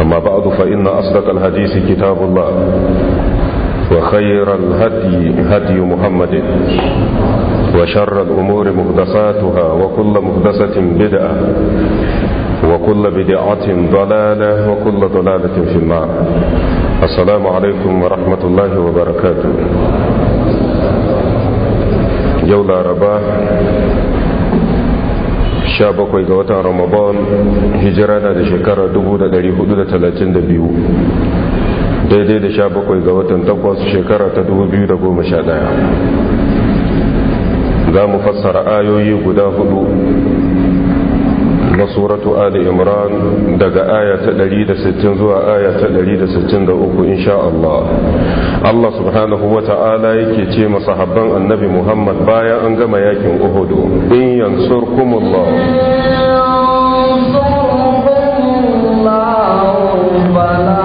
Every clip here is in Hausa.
أما بعد فإن أصدق الحديث كتاب الله وخير الهدي هدي محمد وشر الأمور مهدساتها وكل مهدسة بدعة وكل بدعة ضلالة وكل ضلالة في النار السلام عليكم ورحمة الله وبركاته يولا رباه sha bakwai ga watan ramadan hijira na da shekara 432 daidai da sha bakwai ga watan takwas shekara ta 2011 za mu fassara ayoyi guda hudu na suratu ali imran daga aya ta 160 zuwa aya ta 163 insha Allah Allah subhanahu wa ta'ala yake ce masahabban annabi Muhammad bayan an gama yakin Uhud in yansurkumullah Allah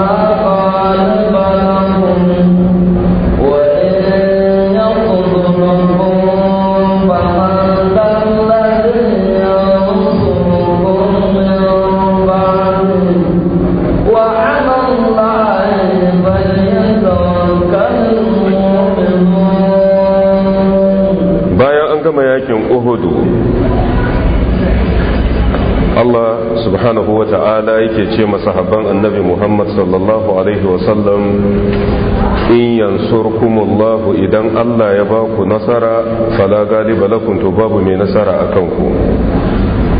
yake ce masahabban annabi Muhammad sallallahu alaihi wasallam in yansurkumullahu idan Allah ya ba ku nasara fala galiba lakum to babu mai nasara akan ku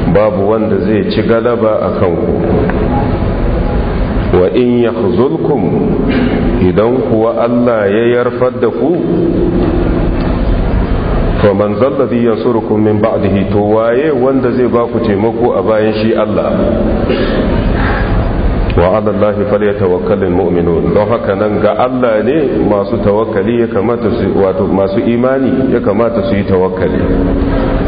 babu wanda zai ci galaba akan ku wa in yakhzulkum idan kuwa Allah ya yarfar da ku to man zalladhi yansurukum min ba'dihi to waye wanda zai ba ku taimako a bayan shi Allah wa alallahi falyatawakkalul mu'minun don haka nan ga Allah ne masu tawakkali ya kamata su wato masu imani ya kamata su yi tawakkali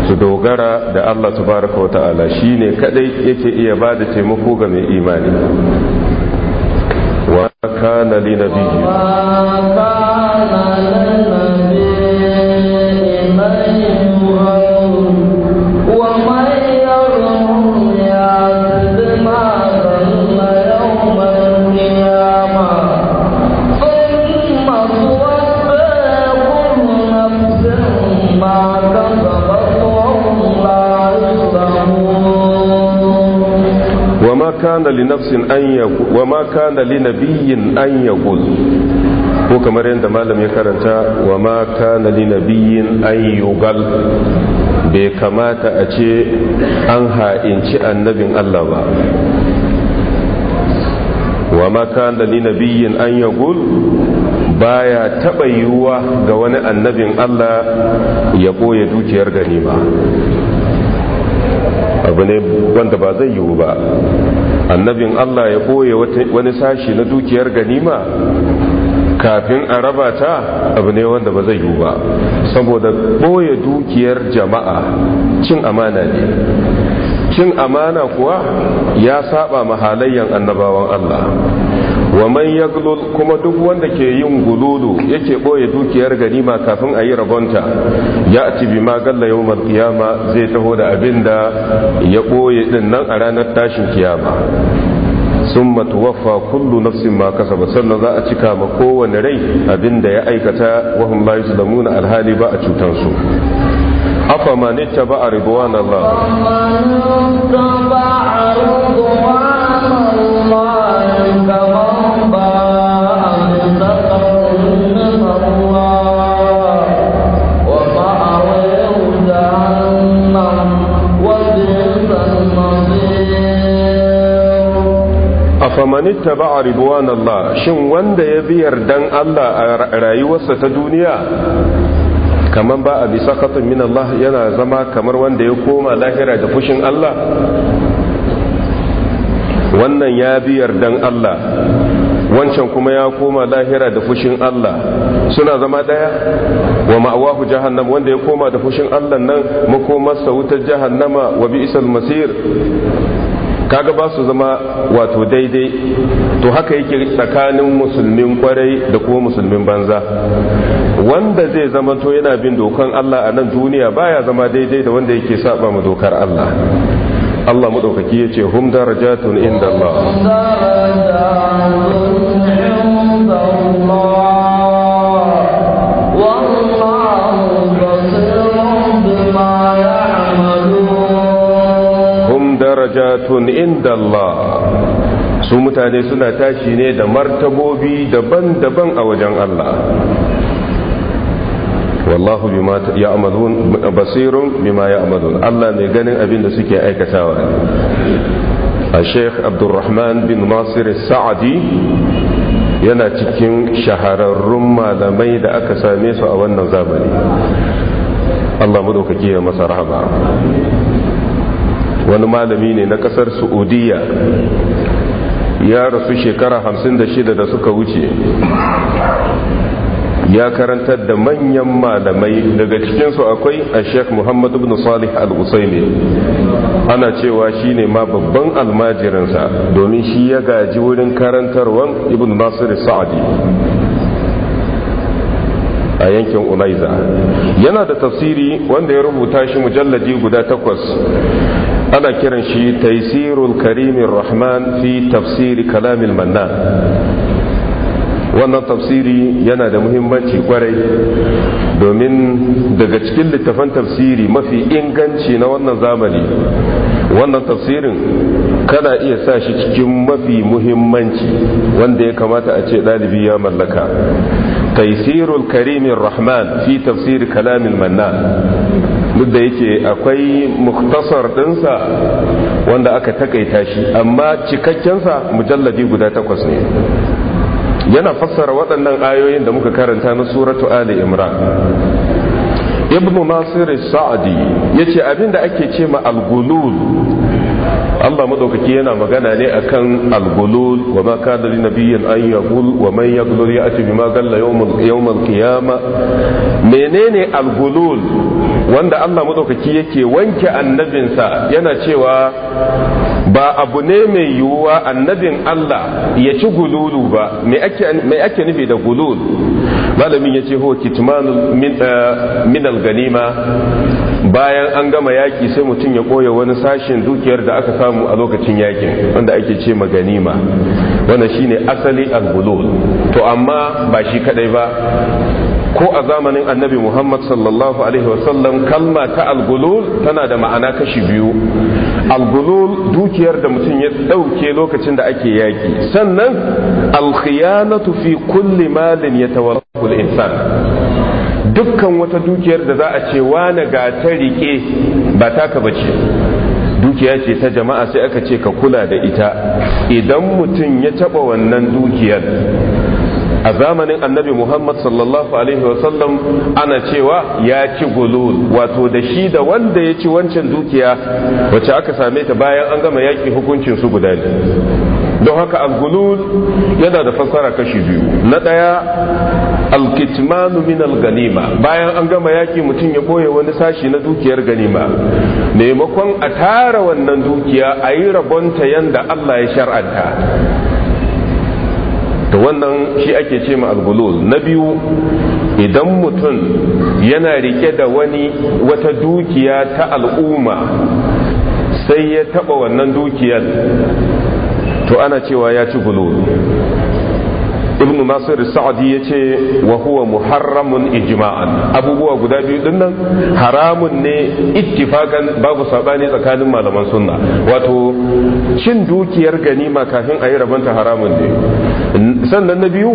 su dogara da Allah subhanahu wa ta'ala shine kadai yake iya bada taimako ga mai imani wa kana linabiyyi kana li nafsin wa ma kana li nabiyyin an yagul ko kamar yadda malam ya karanta wa ma kana li nabiyyin an yugal bai kamata a ce an ha'inci annabin Allah ba wa ma kana li nabiyyin an yagul baya taɓa yiwuwa ga wani annabin Allah ya ɓoye dukiyar ganima abu ne wanda ba zai yiwu ba annabin Allah ya ɓoye wani sashi na dukiyar ganima kafin a raba ta abu ne wanda ba zai yiwu ba saboda ɓoye dukiyar jama'a cin amana ne cin amana kuwa ya saba mahalayyan annabawan Allah wa man yaglul kuma duk wanda ke yin gululu yake boye dukiyar ganima kafin ayi yi rabonta ya ati bi ma galla yawmal qiyama zai taho da abinda ya boye din nan a ranar tashin kiyama summa tuwaffa kullu nafsin ma kasaba sannan za a cika ma kowane rai abinda ya aikata wa hum la yuzlamuna alhali ba a cutar su afa man ittaba ridwan Allah faman ittaba ridwanallah shin wanda ya biyar dan Allah a rayuwarsa ta duniya kaman ba a bisa sakatun min Allah yana zama kamar wanda ya koma lahira da fushin Allah wannan ya biyar dan Allah wancan kuma ya koma lahira da fushin Allah suna zama daya wa ma'awahu jahannam wanda ya koma da fushin Allah nan makomarsa wutar jahannama wa bi'sal masir kaga ba su zama wato daidai to haka yake tsakanin musulmin kwarai da kuma musulmin banza wanda zai zama to yana bin dokan Allah a nan duniya baya zama daidai da wanda yake saba ma dokar Allah Allah mu ya yace hum darajatun inda Allah darajatun inda Allah su mutane suna tashi ne da martabobi daban-daban a wajen Allah wallahu bima ya'malun basirun bima ya'malun Allah ne ganin abin da suke aikatawa a Sheikh Abdulrahman bin Nasir Sa'adi yana cikin shahararrun malamai da aka same su a wannan zamani Allah madaukaki ya masa rahama wani malami ne na kasar saudiya ya rasu shekara hamsin da shida da suka wuce ya karantar da manyan malamai daga cikinsu akwai a sheikh muhammad ibn salih al-usaini ana cewa shi ne ma babban almajiransa domin shi ya gaji wurin karantarwan ibn nasir sa'adi a yankin unaiza yana da tafsiri wanda ya rubuta shi mujalladi guda takwas ana kiran shi taisirul karimin rahman fi tafsiri kalamin manna wannan tafsiri yana da muhimmanci kwarai domin daga cikin littafan tafsiri mafi inganci na wannan zamani wannan tafsirin kana iya sa shi cikin mafi muhimmanci wanda ya kamata a ce ɗalibi ya mallaka taisirul karimin rahman fi tafsiri kalamin manna duk da yake akwai muktasar ɗinsa wanda aka takaita shi amma cikakkensa mujalladi guda takwas ne yana fassara waɗannan ayoyin da muka karanta na suratu ali imran ibnu nasir sa'adi yace abinda ake ce ma al-gulul Allah madaukaki yana magana ne akan al-gulul wa ma kana lin nabiyyin an yaqul wa man yaqul ya'ti bima galla yawm yawm al-qiyama menene al wanda Allah madaukaki yake wanke annabinsa yana cewa ba abu ne mai yiwuwa annabin Allah ya ci gululu ba mai ake nufi da gulul malamin ya ce ho kitmanul min eh, ganima bayan an gama yaki sai mutum ya koya wani sashen dukiyar da aka samu a lokacin yakin wanda ake ce ma ganima wannan shine asali al-gulul to amma ba shi kadai ba ko a zamanin annabi muhammad sallallahu alaihi wasallam kalma ta algulul tana da ma'ana kashi biyu algulul dukiyar da mutum ya ɗauke lokacin da ake yaƙi sannan alkhiyanatu fi kulli malin ya tawarrahul insan dukkan wata dukiyar da za a ce wane ga ta riƙe ba taka bace dukiya ce ta jama'a sai aka ce ka kula da ita idan mutum ya taɓa wannan dukiyar a zamanin annabi muhammad sallallahu alaihi wasallam ana cewa ya ci gulul wato da shi da wanda ya ci wancan dukiya wacce aka same ta bayan an gama yaƙi hukuncin su guda ne don haka al-gulul yana da fassara kashi biyu na ɗaya alkitmanu min ganima bayan an gama yaki mutum ya boye wani sashi na dukiyar ganima maimakon a tara wannan dukiya a yi rabonta yanda Allah ya shar'anta to wannan shi ake ce ma algulul na biyu idan mutum yana rike da wani wata dukiya ta al'umma sai ya taba wannan dukiyar to ana cewa ya ci gulul ibnu nasir sa'adi ya ce wa huwa muharramun ijma'an abubuwa guda biyu din nan haramun ne ittifakan babu sabani tsakanin malaman sunna wato cin dukiyar ganima kafin ayi yi rabanta haramun ne sannan na biyu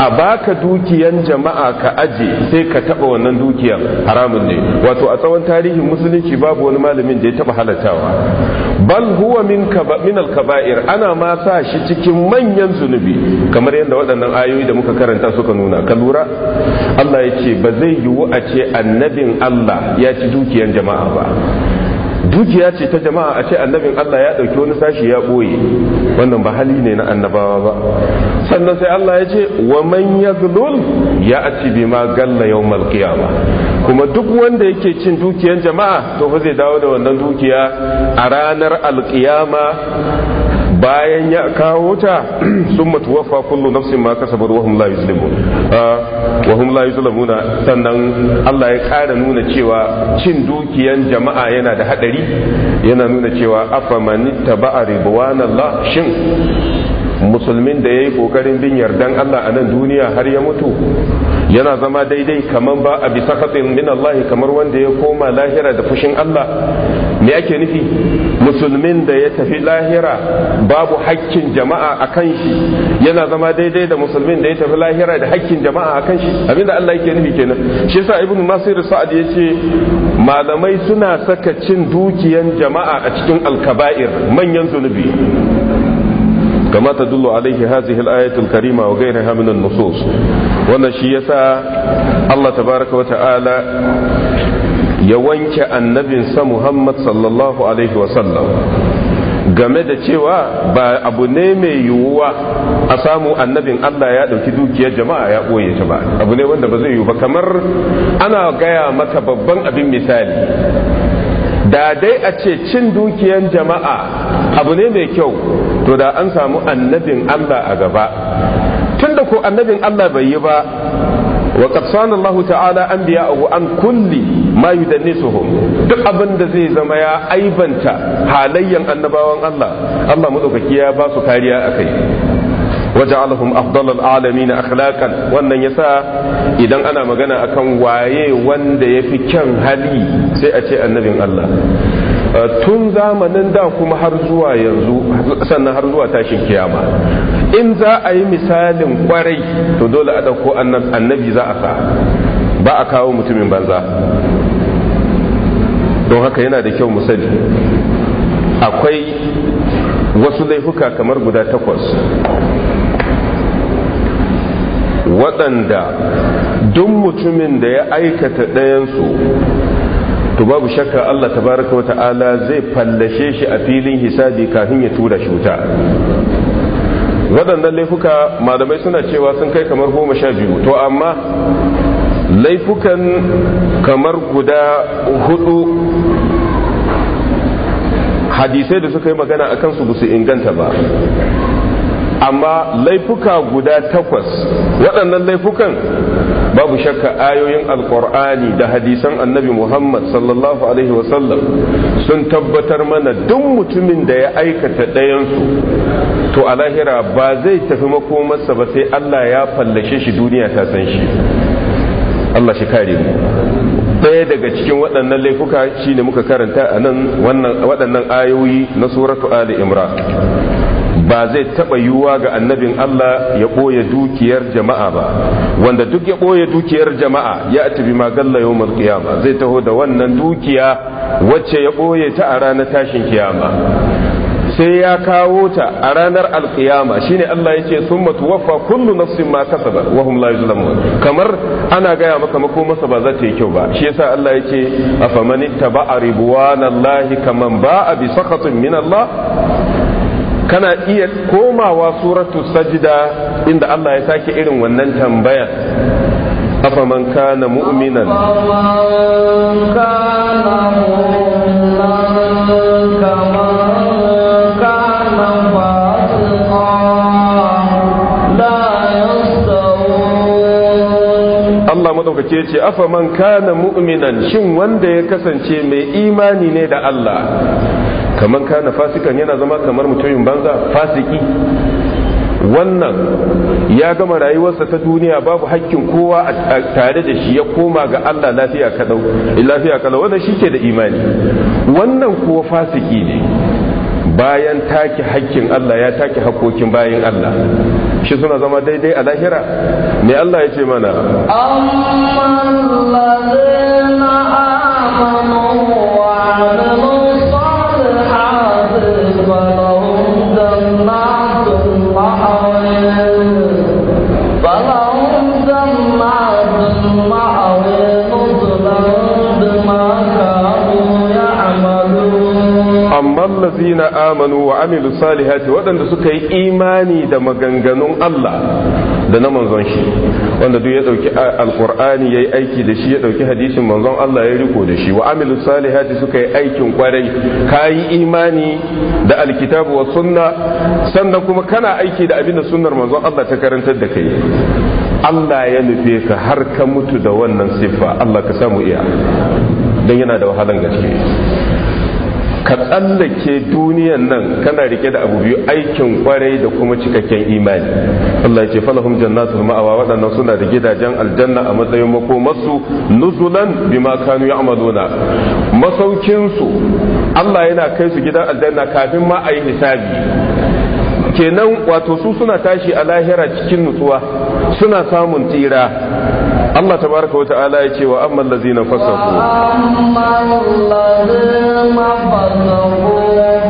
a baka dukiyan jama'a ka aje sai ka taba wannan dukiyan haramun ne wato a tsawon tarihin musulunci babu wani malamin da ya taba halatawa bal huwa min min al-kaba'ir ana ma sa shi cikin manyan zunubi kamar yadda waɗannan ayoyi da muka karanta suka nuna ka lura Allah ya ce ba zai yiwu a ce annabin Allah ya ci dukiyan jama'a ba dukiya ce ta jama'a a ce annabin Allah ya ɗauki wani sashi ya ɓoye wannan ba hali ne na annabawa ba sannan sai Allah ya ce wa man yaglul ya ati bi ma galla yawmal qiyama kuma duk wanda yake cin dukiyar jama'a to fa zai dawo da wannan dukiya a ranar alqiyama bayan ya kawo ta sun wafa kullu nafsin ma kasabar wahum la yuzlimun ah, wahum la na sannan Allah ya kara nuna cewa cin dukiyan jama'a yana da hadari yana nuna cewa afaman taba'a shin musulmin da ya yi ƙoƙarin bin yardan Allah a nan duniya har ya mutu yana zama daidai kamar ba a bisa katsin min Allah kamar wanda ya koma lahira da fushin Allah me ake nufi musulmin da ya tafi lahira babu haƙƙin jama'a a kan shi yana zama daidai da musulmin da ya tafi lahira da haƙƙin jama'a a kan shi abinda Allah yake nufi kenan shi yasa ibnu nasir sa'ad ya ce malamai suna saka cin dukiyan jama'a a cikin alkaba'ir manyan zunubi kama ta dullu alaihi hazihi al-ayatul karima wa ghayriha min an-nusus wannan shi yasa Allah tabaraka wa ta'ala ya wanke annabinsa Muhammad sallallahu alaihi wa sallam game da cewa ba abu ne mai yiwuwa a samu annabin Allah ya ɗauki dukiyar jama'a ya ɓoye ta ba abu ne wanda ba zai yiwu ba kamar ana gaya masa babban abin misali da dai a ce cin dukiyan jama'a abu ne mai kyau to da an samu annabin Allah a gaba tun da ko annabin Allah bai yi ba wa qad Allah ta'ala anbiya'ahu an kulli ma yudannisuhum duk abin da zai zama ya aibanta halayyan annabawan Allah Allah madaukaki ya ba su kariya kai. waja'alhum afdalal alamin akhlaqan wannan yasa idan ana magana akan waye wanda yafi kyan hali sai a ce annabin Allah eh, tun zamanin da kuma har zuwa yanzu sannan har zuwa tashin kiyama in za a yi misalin kwarai to dole a dauko annabi za a sa ba a kawo mutumin banza don haka yana da kyau musali akwai wasu laifuka kamar guda takwas waɗanda duk mutumin da ya aikata ɗayansu to babu shakka Allah tabaraka wa ta'ala zai fallashe shi a filin hisabi kafin ya tura shi wuta waɗannan laifuka malamai suna cewa sun kai kamar goma sha biyu to amma laifukan kamar guda hudu hadisai da suka yi magana a kansu busu inganta ba amma laifuka guda takwas waɗannan laifukan babu shakka ayoyin alkur'ani da hadisan annabi muhammad sallallahu alaihi wasallam sun tabbatar mana duk mutumin da ya aikata ɗayansu to a ba zai tafi makomarsa ba sai allah ya fallashe shi duniya ta san shi allah shi kare mu ɗaya daga cikin waɗannan laifuka shine muka karanta a nan waɗannan ayoyi na suratu ali imran ba zai taɓa yiwuwa ga annabin Allah ya ɓoye dukiyar jama'a ba wanda duk ya ɓoye dukiyar jama'a ya ati bi magalla yau qiyama zai taho da wannan dukiya wacce ya ɓoye ta a ranar tashin kiyama sai ya kawo ta a ranar alkiyama shine Allah yake sun matuwaffa kullu nafsin ma kasaba wa hum la yuzlamun kamar ana gaya maka mako masa ba za ta yi kyau ba shi yasa Allah yake afaman ittaba ridwanallahi kaman ba'a bi sakhatin min Allah kana iya komawa suratu sajida inda Allah ya sake irin wannan afa man kana mu'minan Allah madaukake ce man kana mu'minan shin wanda ya kasance mai imani ne da Allah kamar kana fasikan yana zama kamar mutumin banza fasiki wannan ya gama rayuwarsa ta duniya babu hakkin kowa a tare da shi ya koma ga Allah lafiya kalau lafiya kalau wannan shike da imani wannan kuwa fasiki ne bayan take hakkin Allah ya take hakokin bayin Allah shi suna zama daidai a lahira me Allah ya ce mana Allah allazina amanu wa salihati waɗanda suka yi imani da maganganun Allah da na manzon shi wanda duk ya dauki alqur'ani yayi aiki da shi ya dauki hadisin manzon Allah ya riko da shi wa salihati suka yi aikin kwarai kayi imani da alkitabu wa sunna sannan kuma kana aiki da abin da sunnar manzon Allah ta karantar da kai Allah ya nufe ka har ka mutu da wannan siffa Allah ka samu iya don yana da wahalan gaske ka tsallake duniyan nan kana rike da abu biyu aikin kwarai da kuma cikakken imani Allah ya ce falahum jannatu ma'awa waɗannan suna da gidajen aljanna a matsayin makomarsu nuzulan bima kanu ya'maluna masaukin su Allah yana kai su gidan aljanna kafin ma a yi hisabi kenan wato su suna tashi a lahira cikin nutsuwa suna samun tsira Allah tabaraka wa ta'ala ya ce wa amman lazina fasahu amman lazina fasahu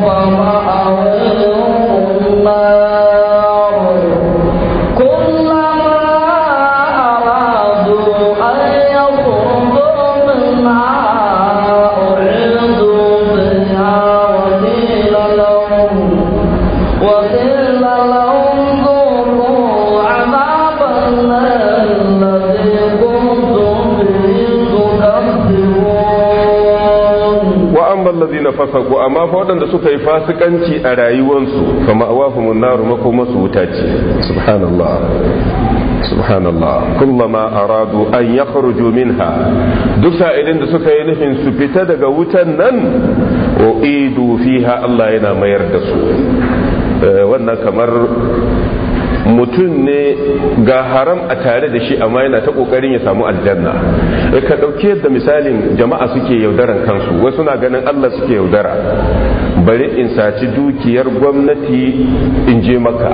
fa ma'awun fasaku amma fa waɗanda suka yi fasikanci a rayuwansu kama awahumun naru makomasu wuta ce subhanallah subhanallah kullama aradu an yakhruju minha duk sa'ilin da suka yi nufin su fita daga wutan nan o idu fiha Allah yana mayar da su eh, wannan kamar mutum ne ga haram a tare da shi amma yana ta kokarin ya samu aljanna e, ka dauke da misalin jama'a suke yaudaran kansu wasu na ganin allah suke yaudara bari in saci dukiyar gwamnati in je maka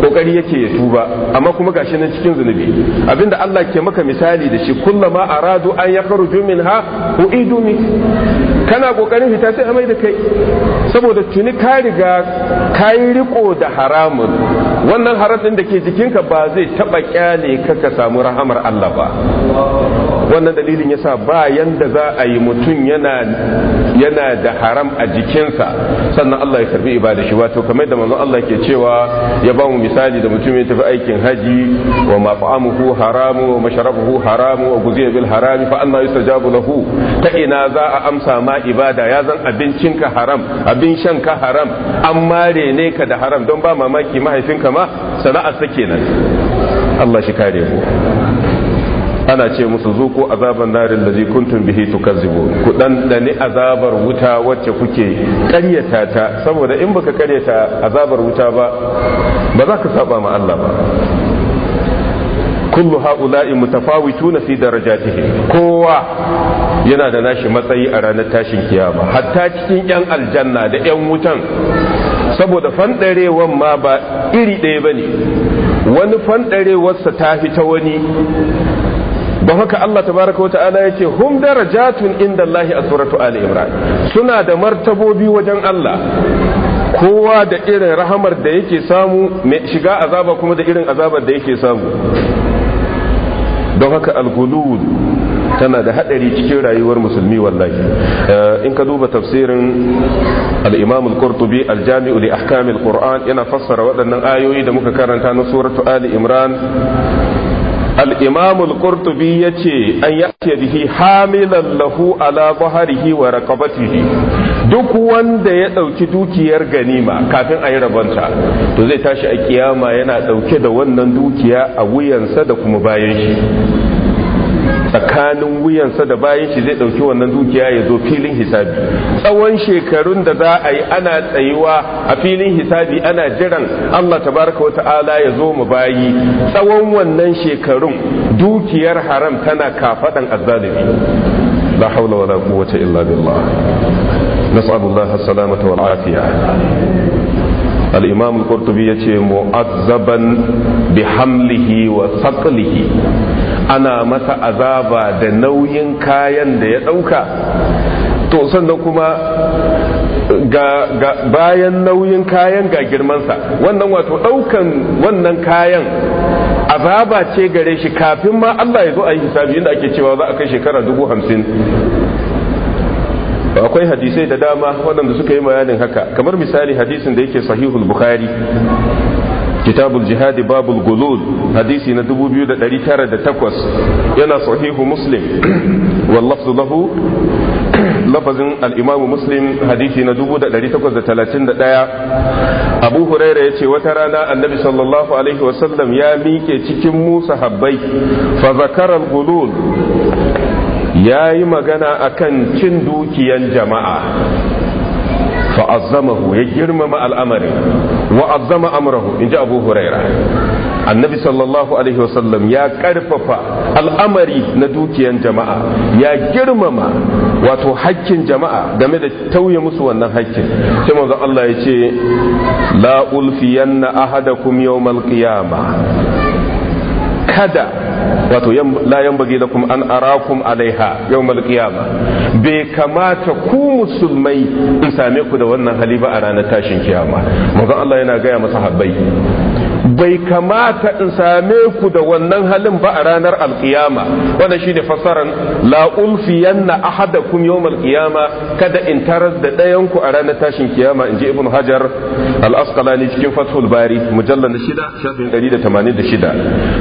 kokari yake ya tuba amma kuma gashi nan cikin zunubi abinda Allah ke maka misali da shi kullama aradu an ya yakhruju minha uidu min kana kokarin fita sai amai da kai saboda tuni ka riga kai riko da haramun wannan ɗin da ke jikinka ba zai taba kyale ka ka samu rahamar Allah ba wannan dalilin yasa ba yanda za a yi mutum yana da haram a jikinsa sannan Allah ya karbi ibada shi wato kamar da manzon Allah ke cewa ya ba mu misali da mutum ya tafi aikin haji wa mat'amuhu haramu wa masharabuhu haramu wa guziya bil harami fa anna yustajabu lahu ta ina za a amsa ma ibada ya zan abincin ka haram abin shan ka haram an mare ne ka da haram don ba mamaki mahaifinka ma sana'ar sa kenan Allah shi kare mu ana ce musu zuku azaban narin da kuntum bihi tukazzibu ku ɗanɗani azabar wuta wacce kuke ƙaryata ta saboda in baka ƙaryata azabar wuta ba ba za ka saba ma Allah ba kullu ha'ula'i mutafawituna fi darajatihi kowa yana da nashi matsayi a ranar tashin kiyama hatta cikin 'yan aljanna da 'yan wutan saboda fanɗarewan ma ba iri ɗaya ba ne wani fanɗarewarsa ta fi ta wani don haka Allah tabaraka wata'ala yake hum darajatun inda Allah a suratu Ali Imran suna da martabobi wajen Allah kowa da irin rahamar da yake samu mai shiga azaba kuma da irin azabar da yake samu don haka algulul tana da hadari cikin rayuwar musulmi wallahi eh, in ka duba tafsirin al-imam al-qurtubi al-jami'u li ahkam al-qur'an yana fassara waɗannan ayoyi da muka karanta na suratu ali imran al القرطبي al-qurtubi yace an yake bihi hamilan lahu ala duk wanda ya dauki dukiyar ganima kafin a yi rabonta to zai tashi a kiyama yana dauke da wannan dukiya a wuyansa da kuma bayan shi tsakanin wuyansa da bayan shi zai dauki wannan dukiya ya zo filin hisabi tsawon shekarun da za a yi ana tsayuwa a filin hisabi ana jiran Allah tabaraka wa ta'ala ya zo mu bayi tsawon wannan shekarun dukiyar haram tana kafadan azzalimi la haula wala quwwata illa billah nas'alullaha salamata wal afiya al-imam al-qurtubi yace mu'azzaban bi hamlihi wa saqlihi ana masa azaba da nauyin kayan da ya dauka to sannan kuma ga, ga bayan nauyin kayan ga girmansa wannan wato daukan wannan kayan azaba ce gare shi kafin ma Allah ya zo a yi hisabi inda ake cewa za a kai shekara dubu hamsin to akwai hadisai da dama waɗanda suka yi bayanin haka kamar misali hadisin da yake sahihul bukhari kitabul jihadi babul gulul hadisi na 2908 yana sahihu muslim wallafzu lahu lafazin al'imamu muslim hadisi na 1831 abu huraira ya ce wata rana annabi sallallahu alaihi wasallam ya miƙe cikin musa habbai fa zakarar gulul ya yi magana a kan cin dukiyan jama'a fa'azzamahu ya girmama al'amarin wa'azzama amrahu in ji abu huraira annabi sallallahu alaihi wasallam ya karfafa al'amari na dukiyan jama'a ya girmama wato hakkin jama'a game da tauye musu wannan hakkin sai manzo Allah ya ce la ulfiyanna ahadakum yawmal qiyamah kada wato la yanbaghi lakum an arakum alaiha yawmal qiyama bai kamata ku musulmai in same ku da wannan hali ba a ranar tashin kiyama manzo Allah yana gaya masa habbai bai kamata in same ku da wannan halin ba a ranar alkiyama wannan shine fassaran la ulfiyanna ahadakum yawm alqiyama kada in taras da dayan ku a ranar tashin kiyama inji ibn hajar al-asqalani cikin fathul bari mujallal 6 shafin 186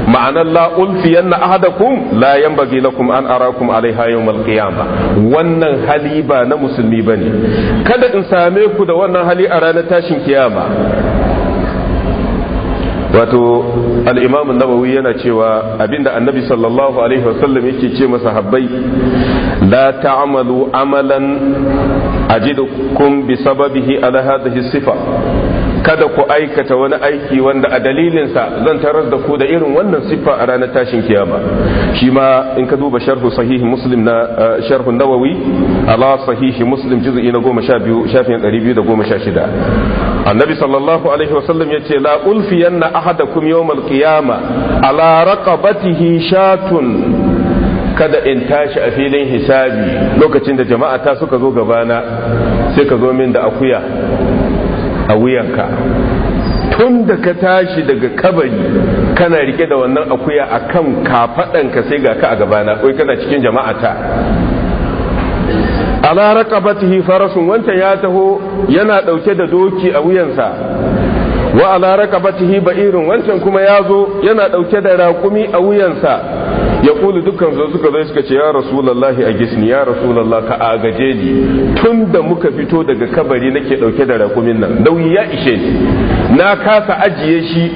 ma'anar la ulfiyanna ahadakum la yanbaghi lakum an arakum alaiha yawm alqiyama wannan hali ba na musulmi bane kada in same ku da wannan hali a ranar tashin kiyama wato al'imamun nawawi yana cewa abinda annabi sallallahu alaihi wasallam yake ce masa habbai la ta'amalu amalan ajidukum bi sababihi ala hadhihi sifa kada ku aikata wani aiki wanda a dalilinsa zan tarar da ku da irin wannan siffa a ranar tashin kiyama shi ma in ka duba sharhu sahihi muslim na eh, sharhu nawawi ala sahihi muslim juz'i na goma sha biyu shafin ɗari biyu da goma sha shida annabi sallallahu alaihi wasallam ya ce la ulfiyanna ahadakum yawmal qiyama ala raqabatihi shatun kada in tashi a filin hisabi lokacin da jama'a ta suka zo gabana sai ka zo min da akuya a wuyanka tun da ka tashi daga kabari kana rike da wannan akuya a kan kafaɗanka sai ga ka a gabana kai kana cikin jama'ata ala raqabatihi farasun wancan ya taho yana ɗauke da doki a wuyansa wa ala ba ba'irun wancan kuma ya zo yana ɗauke da raƙumi a wuyansa ya kulu dukkan su suka zai suka ce ya rasulallahi a gisni ya rasulallah ka agaje ni tun da muka fito daga kabari nake dauke da rakumin nan nauyi ya ishe ni na kasa ajiye shi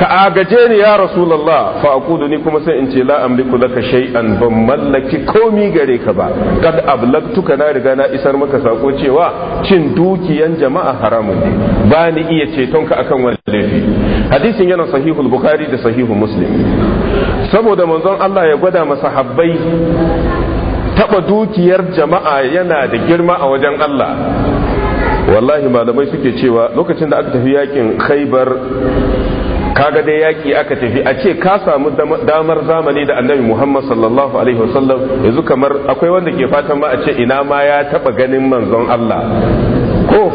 ka agaje ni ya rasulullah fa aqulu ni kuma sai in ce la amliku laka shay'an ban mallaki komi gare ka ba kad ablaktuka na riga na isar maka sako cewa cin dukiyan jama'a haramun ne ba ni iya ceton ka akan wani laifi hadisin yana sahihul bukhari da sahihu muslim saboda manzon Allah ya gwada habbai taba dukiyar jama'a yana da girma a wajen Allah wallahi malamai suke cewa lokacin da aka tafi yakin khaybar kaga dai yaki aka tafi a ce ka samu damar zamani da annabi muhammad sallallahu alaihi wasallam yanzu kamar akwai wanda ke fatan ma a ce ina ma ya taba ganin manzon allah ko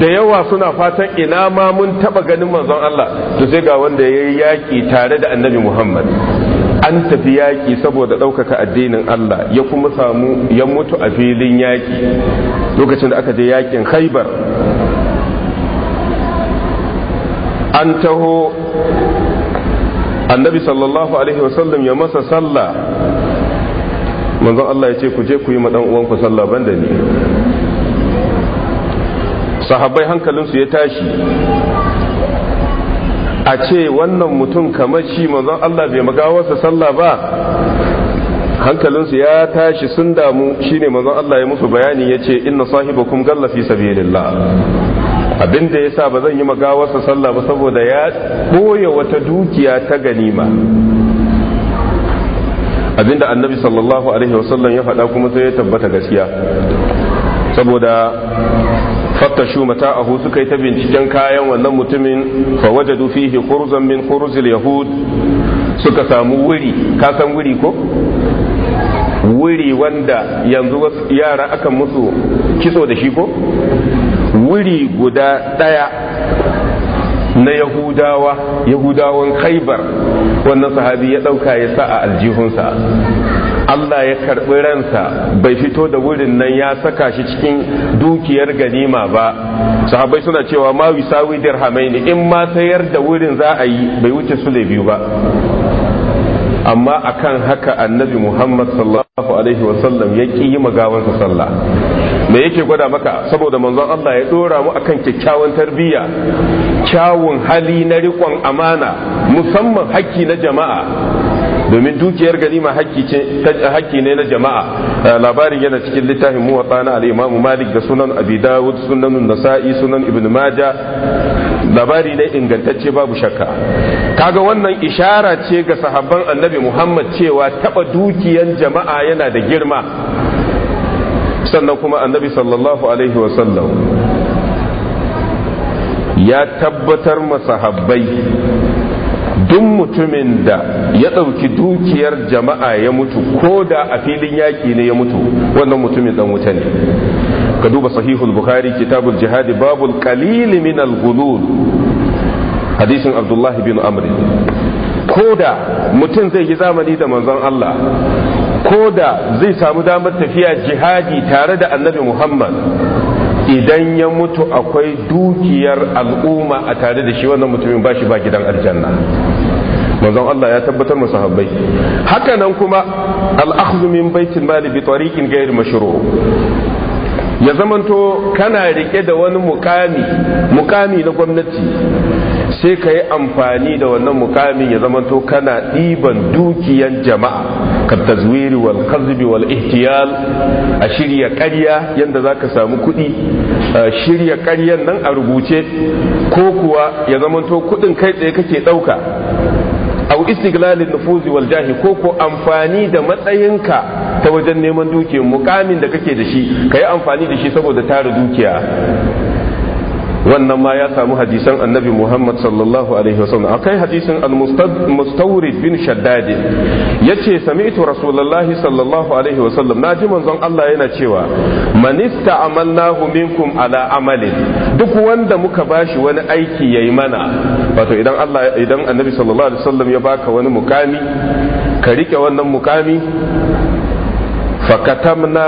da yawa suna fatan ina ma mun taba ganin manzon allah to sai ga wanda ya yi yaki tare da annabi muhammad an tafi yaƙi saboda ɗaukaka addinin Allah ya kuma samu ya mutu a filin yaƙi lokacin da aka je yaƙin haibar an taho annabi sallallahu alaihi wasallam ya masa sallah manzon Allah ya ce ku je ku yi maɗan uwanku sallah banda ni sahabbai hankalinsu ya tashi a ce wannan mutum kamar shi manzon Allah bai magawarsa sallah ba hankalinsu ya tashi sun damu shine manzon Allah ya musu bayani ya ce inna sahibakum galla fi sabilillah abin da ya sa ba zan yi magawarsa sallah ba saboda ya ɓoye wata dukiya ta ganima abin da annabi sallallahu alaihi wasallam ya faɗa kuma sai ya tabbata gaskiya saboda fattashu a suka yi ta binciken kayan wannan mutumin fa wajadu fihi khurzan min khurzil yahud suka samu wuri ka san wuri ko wuri wanda yanzu yara akan musu kitso da shi ko wuri guda ɗaya na yahudawa yahudawan khaibar wannan sahabi ya ɗauka ya sa a aljihunsa Allah ya karɓi ransa bai fito da wurin nan ya saka shi cikin dukiyar ganima ba Sahabai suna cewa ma wisawi dirhamai ne in ma sayar da wurin za a yi bai wuce su biyu ba amma akan haka annabi muhammad sallallahu alaihi wasallam ya ƙi yi magawansa sallah me yake gwada maka saboda manzon Allah ya dora mu akan kyakkyawan tarbiyya kyawun hali na rikon amana musamman hakki na jama'a domin dukiyar ganima hakki ne na jama'a labarin yana cikin littafin muwatta na al-imam malik da sunan abi dawud sunan nasa'i sunan ibn majah labari ne ingantacce babu shakka kaga wannan ishara ce ga sahabban annabi muhammad cewa taba dukiyan jama'a yana da girma sannan kuma annabi sallallahu alaihi wasallam ya tabbatar habbai duk mutumin da ya ɗauki dukiyar jama'a ya mutu ko da a filin yaƙi ne ya mutu wannan mutumin dan wuta ne ka duba sahihul bukhari kitabul jihadi babul qalil min al hadisin abdullahi bin amr ko da mutum zai yi zamani da manzon Allah ko da zai samu damar tafiya jihadi tare da annabi muhammad idan ya mutu akwai dukiyar al'umma a tare da shi wannan mutumin ba shi ba gidan aljanna manzon Allah ya tabbatar musu habbai haka nan kuma al'akhdhu min baitil mali bi tariqin ghayr mashru' ya zamanto kana rike da wani mukami mukami na gwamnati sai ka amfani da wannan mukamin ya zamanto kana ɗiban dukiyan jama'a tazwiri wal kazbi wal ihtiyal a shirya karya yadda za ka samu kuɗi shirya ƙaryan nan a rubuce ko kuwa ya zamanto kuɗin kai tsaye kake ɗauka au istiglalin nufuzi wal jahi ko ko amfani da matsayinka ta wajen neman dukiyar mukamin da kake da shi ka yi amfani da shi saboda tara dukiya wannan ma ya samu hadisan annabi muhammad sallallahu alaihi wasallam akai hadisin al-mustawrid bin shaddad yace sami'tu rasulullahi sallallahu alaihi wasallam ji manzon Allah yana cewa man ista'amalnahu minkum ala amalin duk wanda muka bashi wani aiki yayi mana wato idan Allah idan annabi sallallahu alaihi wasallam ya baka wani mukami ka rike wannan mukami fakatamna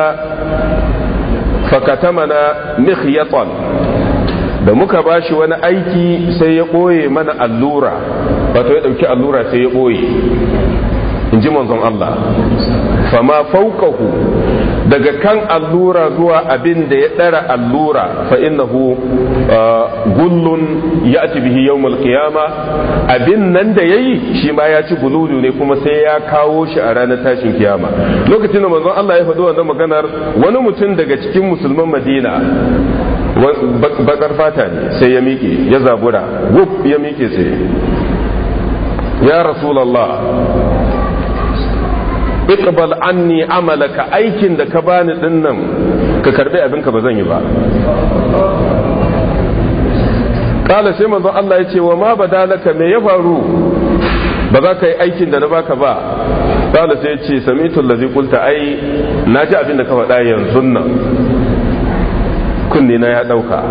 fakatamana mikhyatan da muka ba shi wani aiki sai ya ɓoye mana allura wato ya ɗauki allura sai ya ɓoye in ji manzon Allah fama faukahu daga kan allura zuwa abin da ya ɗara allura fa innahu ah, gullun ya ci bihi yau qiyama abin nan da ya yi shi ma ya ci gululu ne kuma sai ya kawo shi a ranar tashin kiyama lokacin da manzon Allah ya faɗi wannan maganar wani mutum daga cikin musulman Madina bakar fata ne sai ya miƙe ya zabura wuf ya miƙe sai ya rasulallah iqbal anni amalaka aikin da ka bani dinnan ka karbi abinka ba zan yi ba kala sai manzon Allah ya ce wa ma badalaka me ya faru ba za ka yi aikin da na baka ba kala sai ya ce sami'tu allazi qulta ai naji abin da ka faɗa yanzu nan kunne na ya dauka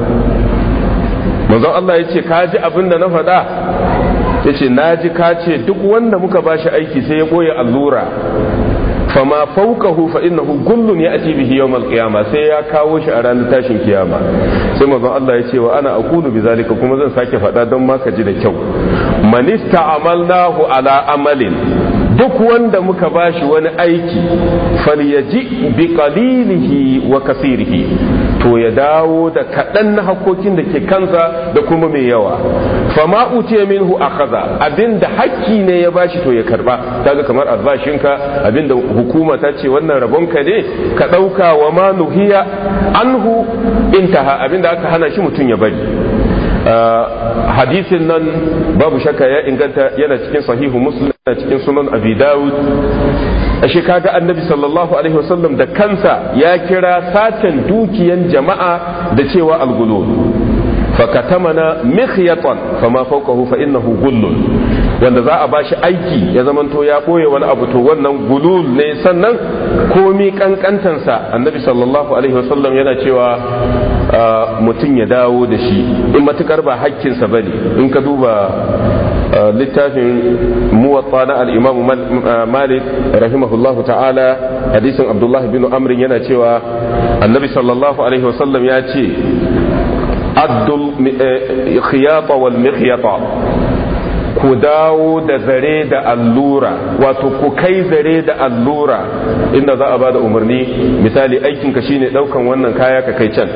manzon Allah ya ce ka ji abin da na faɗa ya ce na ji ka ce duk wanda muka ba shi aiki sai ya ɓoye allura fama faukahu fa innahu gullun ya ati bihi yawmal sai ya kawo shi a ranar tashin kiyama sai manzon Allah ya ce wa ana aqulu bizalika kuma zan sake faɗa don ma ka ji da kyau manista ista'amalnahu ala amalin duk wanda muka bashi wani aiki falyaji bi qalilihi wa kasirihi to ya dawo da kaɗan na hakokin da ke kansa da kuma mai yawa fama utiya minhu akhadha abinda hakki ne ya bashi to ya karba kaga kamar albashinka abinda hukuma ta ce wannan rabonka ne ka dauka wa ma nuhiya anhu intaha abinda aka hana shi mutun ya bari hadisin nan babu shakka ya inganta yana cikin sahihu muslim yana cikin sunan abi dawud ashe kaga annabi sallallahu alaihi wasallam da kansa ya kira satan dukiyan jama'a da cewa algulu fakatamana mikhyatan fama fawqahu fa innahu gullun wanda za a bashi aiki ya zamanto ya ɓoye wani abu to wannan gulul ne sannan komi kankantansa annabi sallallahu alaihi wasallam yana cewa mutum ya dawo da shi in matukar ba hakkinsa ba ne in ka duba littafin muwatta na al'imamu malik rahimahullahu ta'ala hadisin abdullah bin amrin yana cewa annabi sallallahu alaihi wasallam ya ce addul eh, khiyata wal mikhyata ku dawo da zare da allura wato ku kai zare da allura inda za a ba da umarni misali aikin ka shine daukan wannan kaya ka kai can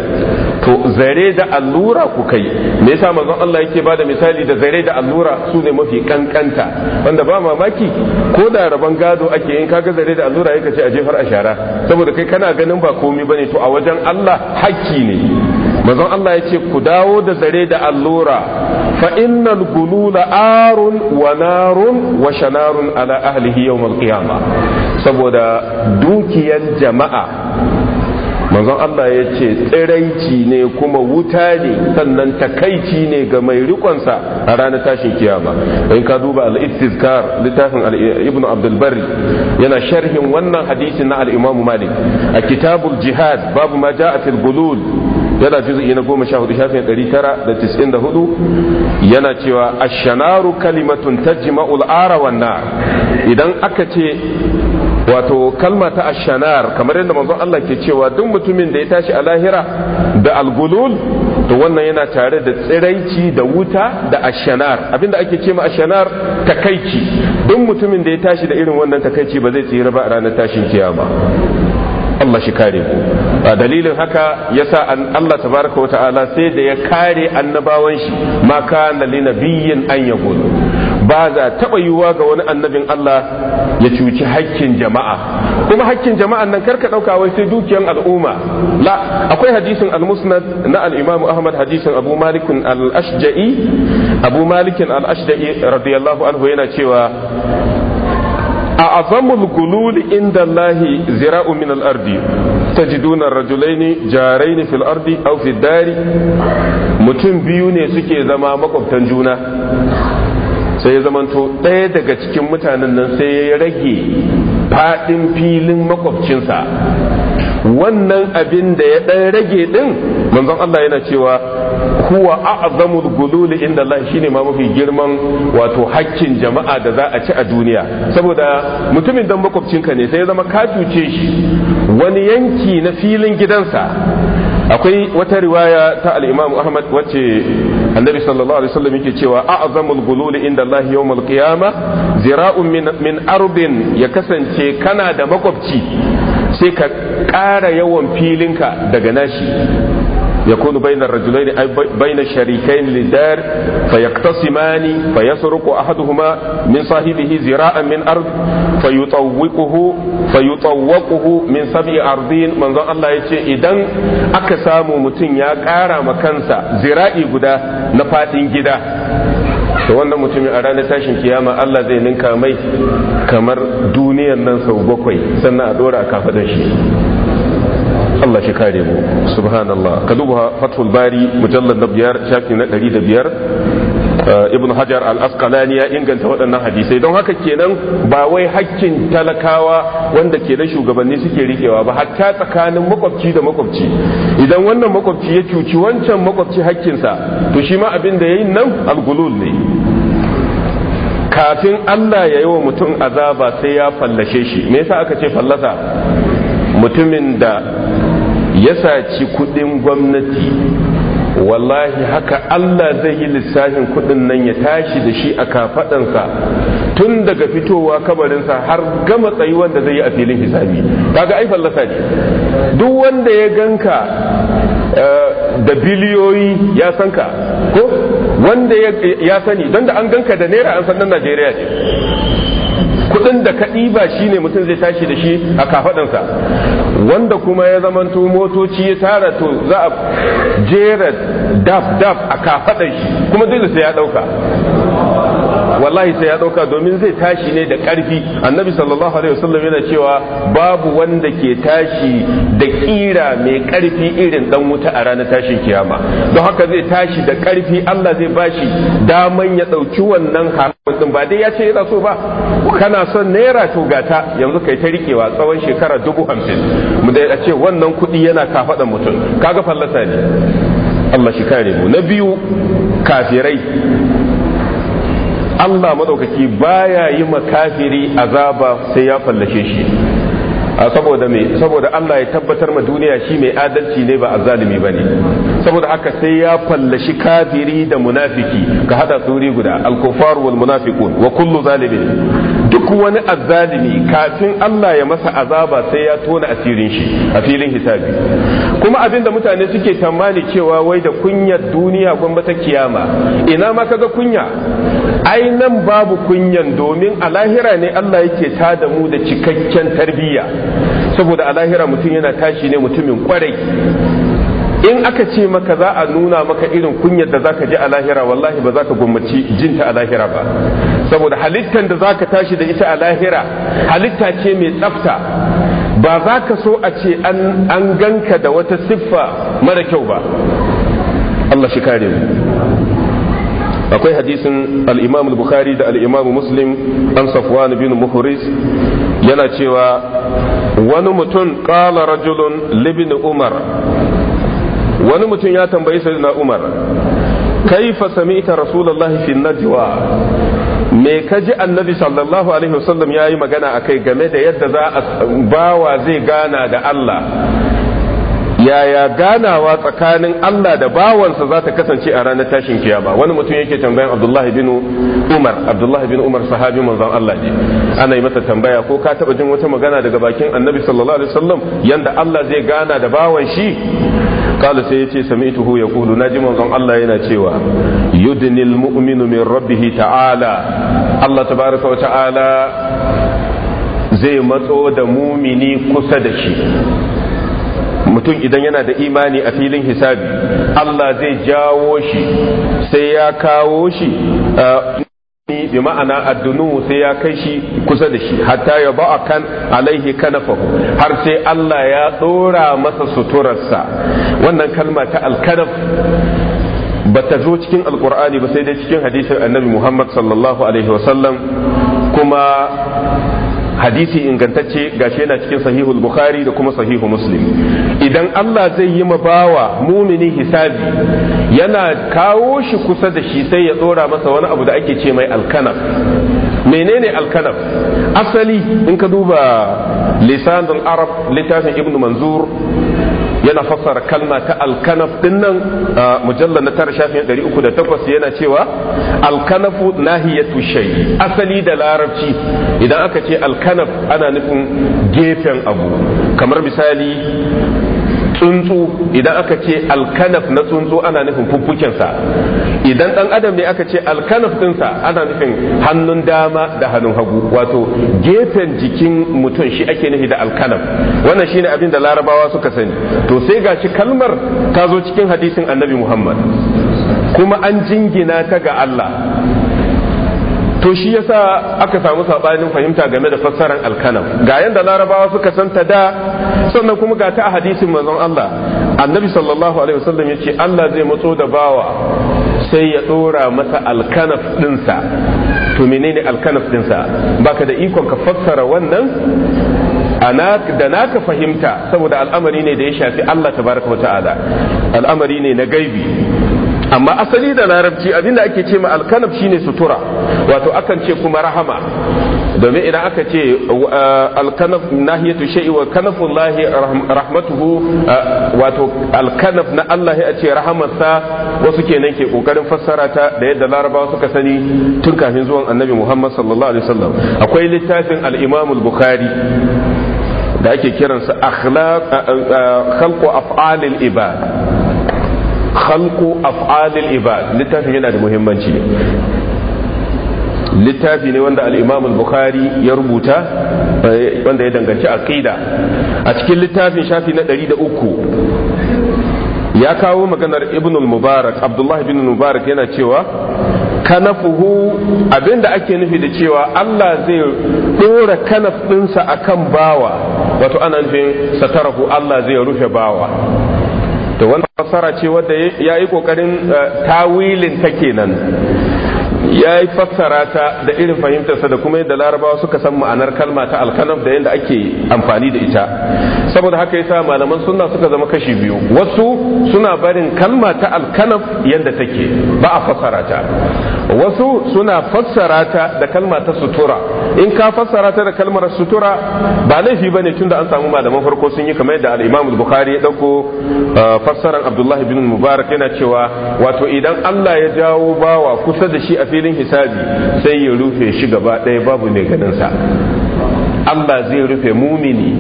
to zare da allura ku kai me yasa manzon Allah yake ba da misali da zare da allura su ne mafi kankanta wanda ba mamaki ko da rabon gado ake yin kaga zare da allura yake ce a jefar ashara saboda kai kana ganin ba komai bane to a wajen Allah hakki ne manzon Allah ya ce ku dawo da zare da allura fa innal gulula arun wa narun wa shanarun ala ahlihi yawmal qiyama saboda dukiyar jama'a manzon Allah ya ce tsiraici ne kuma wuta ne sannan takaici ne ga mai rikonsa a ranar tashin kiyama in ka duba al-istizkar littafin ibn abdul bari yana sharhin wannan hadisi na al-imam malik a kitabul jihad babu ma ja'a fil gulul yana juz'i na goma sha hudu shafin ɗari tara da tis'in da hudu yana cewa a ashanaru kalimatun jima'ul ara wanna idan aka ce wato kalma ta ashanar kamar yadda manzon Allah ke cewa duk mutumin da ya tashi a lahira da algulul to wannan yana tare da tsiraici da wuta da ashanar abinda ake ce ma ashanar takaici duk mutumin da ya tashi da irin wannan takaici ba zai tsira ba a ranar tashin kiyama Allah shi kare ku a dalilin haka ya sa an Allah tabaraka wa ta'ala sai da ya kare annabawan shi ma na li nabiyyin an gudu ba za taɓa yiwuwa ga wani annabin Allah ya cuci hakkin jama'a kuma hakkin jama'a nan karka ɗauka wai sai dukiyan al'umma la akwai hadisin al-musnad na al imamu Ahmad hadisin Abu Malik al-Ashja'i Abu Malik al-Ashja'i radiyallahu anhu yana cewa a azamul gulul inda Allahi zira'u min dunar ardi ne jarai ne fil ardi aw fi dari mutum biyu ne suke zama makwabtan juna sai ya zamanto ɗaya daga cikin mutanen nan sai ya rage faɗin filin makwabcinsa wannan abin da ya dan rage din manzon Allah yana cewa kuwa a'zamul gululi inda Allah shine ma mafi girman wato hakkin jama'a da za a ci a duniya saboda mutumin dan makwabcinka ne sai ya zama ka cuce shi wani yanki na filin gidansa akwai wata riwaya ta al-Imam Ahmad wacce Annabi sallallahu alaihi wasallam yake cewa a'zamul gululi inda Allah yawmul qiyama zira'un min min ardin ya kasance kana da makwabci sai ka ƙara yawan filin ka daga nashi ya kunu bayan rajulai ne bayan sharikai ne lidar fayaktasi mani min sabi ardin manzon Allah ya idan aka samu mutum ya ƙara makansa zira'i guda na faɗin gida da wannan mutumin a ranar tashin kiyama Allah zai ninka mai kamar duniyar nan sau bakwai sannan a dora a kafadar shi Allah shi kare mu subhanallah ka duba fathul bari mujallar na biyar shafi na ɗari da biyar Eh, ibn hajar al-asqalani ya inganta waɗannan hadisai don haka kenan ba wai hakkin talakawa wanda ke da shugabanni suke rikewa ba hatta tsakanin makwabci da makwabci idan wannan makwabci ya cuci wancan makwabci hakkinsa to shi ma abin da yayin nan al ne kafin Allah ya yi wa mutum azaba sai ya fallashe shi me yasa aka ce fallasa mutumin da ya saci kuɗin gwamnati wallahi haka Allah zai yi lissafin kuɗin nan ya tashi da shi a kafadansa tun daga fitowa kamarinsa har gama tsayuwan da zai yi a filin hisabi kaga ai fallasa ne duk wanda ya ganka eh, da biliyoyi ya san ka ko wanda ya sani don da an ganka da naira an san nan Najeriya ce kuɗin da ka ɗiba shi ne mutum zai tashi da shi a kafaɗansa wanda kuma ya zamanto motoci ya tara to za a jera daf daf a kafadar shi kuma dole sai ya ɗauka wallahi sai ya ɗauka domin zai tashi ne da ƙarfi annabi sallallahu alaihi wasallam yana cewa babu wanda ke tashi da ƙira mai ƙarfi irin dan wuta a ranar tashin kiyama don haka zai tashi da ƙarfi Allah zai bashi daman ya ɗauki wannan mutum ba dai ya ce yana so ba kana son naira to gata yanzu kai ta rikewa tsawon shekara dubu hamsin mu a ce wannan kuɗi yana kafaɗan mutum kaga fallasa ne Allah shi kare mu na biyu kafirai Allah madaukaki baya yi makafiri azaba sai ya fallashe shi saboda me saboda Allah ya tabbatar ma duniya shi mai adalci ne ba ba ne, saboda haka sai ya fallashi kafiri da munafiki ka hada suri guda al-kuffar wal munafiqun wa kullu zalimin duk wani azzalimi kafin Allah ya masa azaba sai ya tona asirin shi a filin hisabi kuma abinda mutane suke tamani cewa wai da kunyar duniya gwamnati kiyama ina ma kaga kunya ai nan babu kunyan domin a lahira ne Allah yake tada mu da cikakken tarbiyya saboda a lahira mutum yana tashi ne mutumin kwarai in aka ce maka za a nuna maka irin kunyar da zaka ji a lahira wallahi ba za ka gwammaci jinta a lahira ba saboda halittar da zaka tashi da ita a lahira halitta ce mai tsafta ba za ka so a ce an ganka da wata siffa mara kyau ba Allah shi kare mu akwai hadisin al-imam al-bukhari da al-imam muslim an safwan bin muhris yana cewa wani mutum ƙala rajulun libin umar wani mutum ya tambayi sayyidina umar kaifa sami'ta rasulullahi fi najwa me ka ji annabi sallallahu alaihi wasallam ya yi magana a kai game da yadda za a bawa zai gana da Allah yaya ganawa tsakanin Allah da bawansa za ta kasance a ranar tashin kiyama wani mutum yake tambayan Abdullahi bin Umar Abdullahi bin Umar sahabi manzon Allah ne ana yi masa tambaya ko ka taba jin wata magana daga bakin Annabi sallallahu alaihi wasallam yanda Allah zai gana da bawan shi kala sai yace sami'tuhu yaqulu naji manzon Allah yana cewa yudnil mu'minu min rabbih ta'ala Allah tabaraka wa ta'ala zai matso da mumini kusa da shi mutum idan yana da imani a filin hisabi Allah zai jawo shi sai ya kawo shi bi ma'ana addunu sai ya kai shi kusa da shi hatta ya ba kan alaihi kanafahu har sai Allah ya tsora masa suturarsa wannan kalma ta alkanaf ba ta zo cikin alkur'ani ba sai dai cikin hadisin annabi muhammad sallallahu alaihi wasallam kuma hadisi ingantacce gashi yana cikin sahihul bukhari da kuma sahihu muslim idan Allah zai yi bawa mumini hisabi yana kawo shi kusa da shi sai ya tsora masa wani abu da ake ce mai alkanas menene alkadab asali in ka duba lisanin arab littafin ibnu manzur yana fassara kalma ta alkanaf dinnan a mujallar na tara shafin 308 yana cewa alkanafu nahiyatu shay asali da larabci idan aka ce alkanaf ana nufin gefen abu kamar misali tsuntsu idan aka ce alkanaf na tsuntsu ana nufin fuffukensa idan dan adam ne aka ce alkanaf dinsa ana nufin hannun dama da hannun hagu wato gefen jikin mutum shi ake nufi da alkanaf wannan shine abin da larabawa suka sani to sai gashi kalmar ta zo cikin hadisin annabi muhammad kuma an jingina ta ga Allah to shi yasa aka samu sabanin fahimta game da fassarar alkalam ga yanda larabawa suka santa da sannan kuma ga ta a hadisin manzon Allah annabi sallallahu alaihi wasallam ya ce Allah zai matso da bawa sai ya dora masa alkanaf dinsa to menene alkanaf dinsa baka da ikon ka fassara wannan da naka fahimta saboda al'amari ne da ya shafi Allah tabaraka wa ta'ala al'amari ne na gaibi amma asali da larabci abinda ake ce ma alkanab shine sutura wato akan ce kuma rahama domin idan aka ce uh, alkanaf nahiyatu shay'i wa kanafun rahmatuhu uh, wato alkanaf na Allah ya ce rahamarsa wasu kenan ke kokarin fassara ta da yadda larabawa suka sani tun kafin zuwan annabi Muhammad sallallahu alaihi wasallam akwai littafin al-Imam al-Bukhari da ake kiransa akhlaq uh, khalqu af'alil ibad khalqu af'alil ibad littafin yana da muhimmanci littafi ne wanda al-imam al-bukhari ya rubuta eh, wanda ya danganci aqida a cikin littafin shafi na uku ya kawo maganar ibn al-mubarak abdullahi ibn mubarak yana cewa kanafuhu abinda ake nufi da cewa Allah zai dora kanaf ɗinsa akan bawa wato ana nufin satarahu Allah zai rufe bawa to wannan fassara ce wadda ya yi ƙoƙarin eh, tawilin ta kenan ya yi fassara ta da irin fahimtarsa da kuma yadda larabawa suka san ma'anar kalma ta alkanaf da yadda ake amfani da ita saboda haka yasa malaman sunna suka zama kashi biyu wasu suna barin kalma ta alkanaf yadda take ba a fassara ta wasu suna fassara ta da kalma ta sutura in ka fassara ta da kalmar sutura ba laifi ba ne tunda an samu malaman farko sun yi kamar yadda al-Imam al-Bukhari ya dauko uh, fassaran Abdullah bin Mubarak yana cewa wato idan Allah ya jawo bawa kusa da shi a filin cikin hisabi sai ya rufe shi gaba ɗaya babu mai ganinsa Allah zai rufe mumini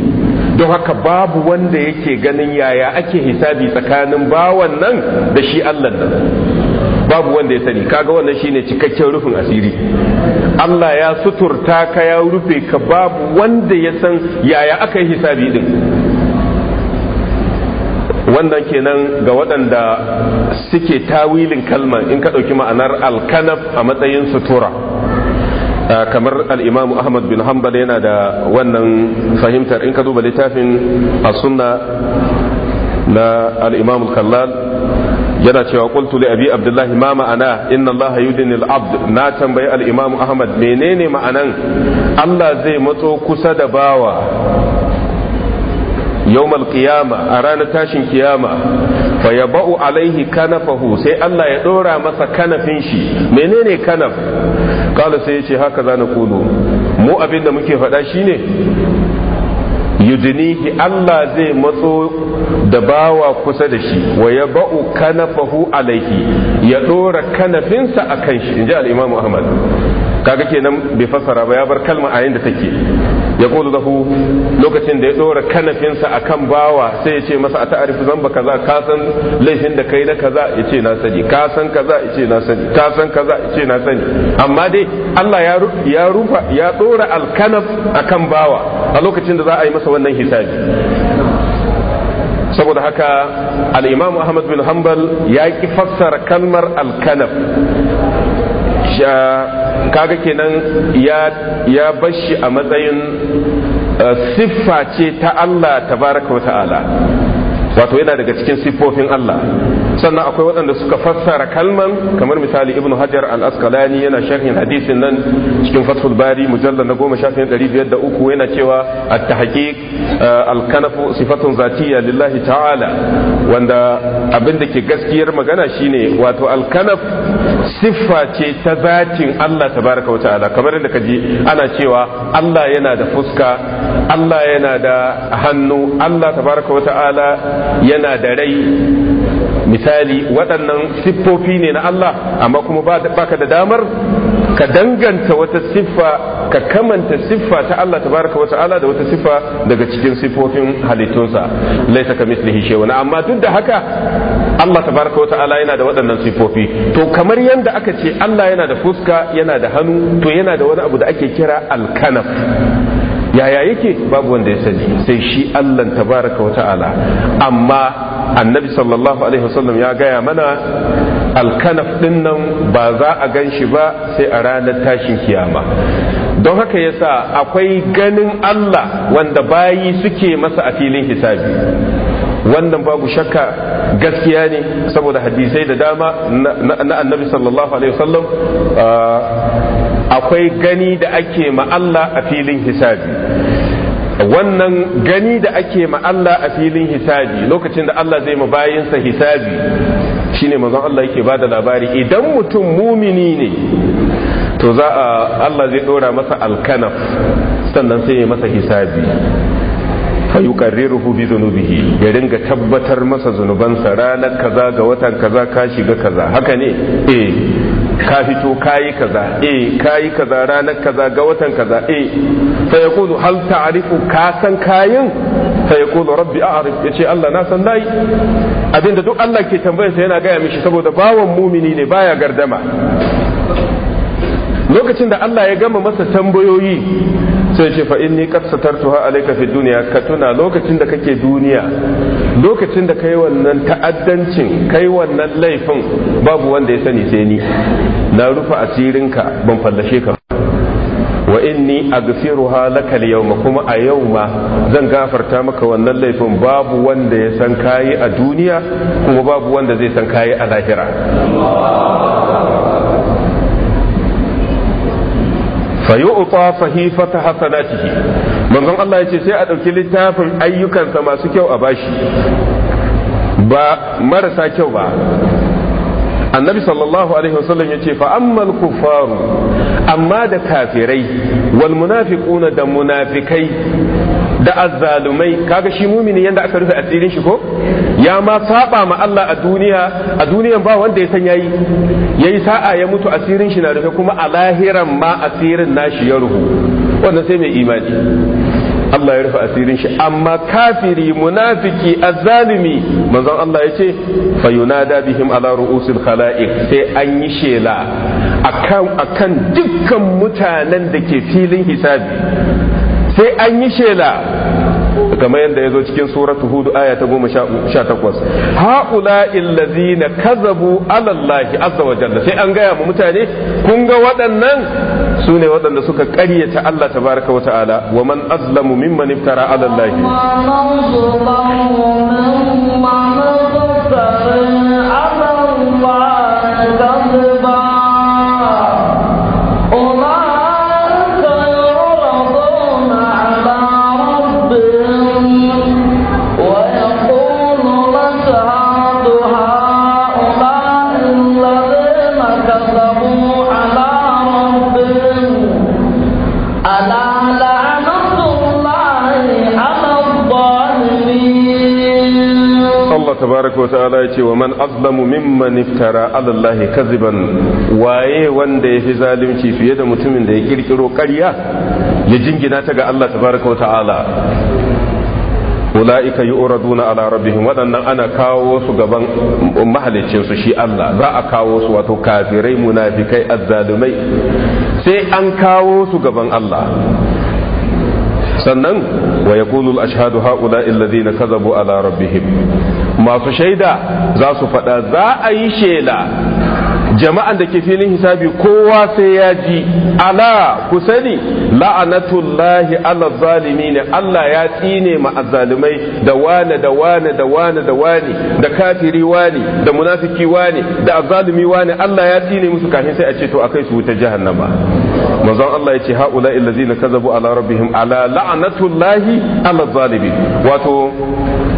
don haka babu wanda yake ganin yaya ake hisabi tsakanin bawan nan da shi Allah nan babu wanda ya sani kaga wannan shine cikakken rufin asiri Allah ya suturta ka ya rufe ka babu wanda ya san yaya aka yi hisabi din wannan kenan ga waɗanda suke tawilin kalma in ka ɗauki ma'anar alkanaf a matsayin sutura ah, kamar al'imamu ahmad bin hanbal yana da wannan fahimtar in ka duba littafin a sunna na al'imamu kallal yana cewa qultu li abi abdullahi ma ma'ana inna allaha yudini al-abd na tambayi al-imam ahmad menene ma'anan Allah zai matso kusa da bawa yawmal qiyama a ranar tashin kiyama fa ba'u alaihi kanafahu sai Allah ya ɗora masa kanafin shi menene kanaf kala sai ya ce haka za na kulu mu abin da muke faɗa shine yudinihi Allah zai matso da bawa kusa da shi waya ba'u kanafahu alaihi ya ɗora kanafinsa a kan shi in ji al'imamu Ahmad kaga kenan bai fassara ba ya bar kalma a yadda take ya da hu lokacin da ya dora kanafinsa akan bawa sai ya ce masa a ta'arifu zamba kaza ka san laifin da kai na kaza ya ce na sani ka san kaza ya ce na sani ka san kaza ya ce na sani amma dai Allah ya ya rufa ya dora alkanaf akan bawa a lokacin da za a yi masa wannan hisabi saboda haka al-Imam Ahmad bin Hanbal ya ki fassara kalmar alkanaf kaga kenan ya bashi a matsayin uh, siffa ce ta Allah tabaraka wa ta'ala wato yana daga cikin siffofin Allah sannan akwai waɗanda suka fassara kalman kamar misali ibn hajar al-asqalani yana sharhin hadisin nan cikin fathul bari mujallal na goma shafin ɗari biyar da uku yana cewa at-tahqiq eh, al-kanafu sifatun zatiyya lillahi ta'ala wanda abin da ke gaskiyar magana shine wato al-kanaf siffa ce ta zatin Allah tabaraka wa ta'ala kamar yadda kaji ana cewa Allah yana da fuska Allah yana da hannu Allah tabaraka wa ta'ala yana da rai misali waɗannan siffofi ne na Allah amma kuma ba baka da damar ka danganta wata siffa ka kamanta siffa ta Allah tabaraka wa ta'ala da wata siffa daga cikin siffofin halittunsa laisa ka mislihi wani, amma duk da haka Allah tabaraka wa ta'ala yana da waɗannan siffofi to kamar yadda aka ce Allah yana da fuska yana da hannu to yana da wani abu da ake kira alkanaf yaya yake babu wanda ya sani sai shi Allah tabaraka wa ta'ala amma annabi sallallahu alaihi wasallam ya gaya mana alkanaf din nan ba za a gan shi ba sai a ranar tashin kiyama don haka yasa akwai ganin Allah wanda bayi suke masa a filin hisabi wannan babu shakka gaskiya ne saboda hadisai da dama na annabi sallallahu alaihi wasallam ah, akwai gani da ake ma Allah a filin hisabi wannan gani da ake ma Allah a filin hisabi lokacin da Allah zai bayinsa hisabi shine manzon Allah yake bada labari idan mutum mumini ne to za a Allah zai dora masa alkanaf sannan sai ya masa hisabi fayuqarriruhu bi dhunubihi ya ringa tabbatar masa zunubansa ranar kaza ga watan kaza ka shiga kaza haka ne eh ka fito kayi kaza eh kayi kaza ranar kaza ga watan kaza eh fa yaqulu hal ta'rifu ka san kayin fa yaqulu rabbi a'rif yace Allah na san nayi abinda duk Allah ke tambayar sa yana gaya mishi saboda bawan mumini ne baya gardama lokacin da Allah ya gama masa tambayoyi sai ce fa inni qad satartuha alayka fi dunya ka tuna lokacin da kake duniya lokacin da kai wannan ta'addancin kai wannan laifin babu wanda ya sani sai ni na rufa ka ban fallashe ka wa inni aghfiruha laka al-yawma kuma a yau ma zan gafarta maka wannan laifin babu wanda ya san kayi a duniya kuma babu wanda zai san kayi a lahira fa yu'ta sahifata hasanatihi manzon Allah ce sai a ɗauki littafin ayyukansa masu kyau a bashi ba marasa kyau ba annabi sallallahu alaihi wasallam ya ce fa'ammal kufaru amma da kafirai wal munafiquna da munafikai da azzalumai kaga shi mumini yanda aka rufe asirin shi ko ya ma saba ma Allah a duniya a duniyan ba wanda ya san yayi yayi sa'a ya mutu asirin shi na rufe kuma a lahiran ma asirin nashi ya ruhu wannan sai mai imani Allah ya rufe asirin shi amma kafiri munafiki azzalimi manzon Allah ya ce fa yunada bihim ala ru'usil khala'iq sai an yi shela akan akan dukkan mutanen da ke filin hisabi sai an yi shela kamar yadda ya zo cikin suratu hudu aya ta goma sha takwas ha'ula na kazabu alallahi azza wa jalla sai an gaya ma mutane kun ga waɗannan su ne waɗanda suka ƙaryata Allah ta baraka wa ta'ala wa man azlamu mimman iftara alallahi tabaraka wa ya ce wa man azlamu mimman iftara ala Allahi kaziban waye wanda ya fi zalunci fiye da mutumin da ya kirkiro ƙarya ya jingina ta ga Allah tabaraka wa ta'ala ula'ika yu'raduna ala rabbihim waɗannan ana kawo su gaban mahalicin su shi Allah za a kawo su wato kafirai munafikai azzalumai sai an kawo su gaban Allah sannan wa yaqulu al-ashhadu ha'ula'i alladhina kadhabu ala rabbihim masu shaida za su faɗa za a yi shela jama'an da ke filin hisabi kowa sai ya ji ala ku sani la'anatullahi ala zalimi ne Allah ya tsine ma azzalimai da wane da wane da wane da wane da kafiri wane da munafiki wane da azzalimi wane Allah ya tsine musu kafin sai a ce to akai su wuta jahannama manzon Allah yace haula allazina kazabu ala rabbihim ala la'natullahi ala zalimin wato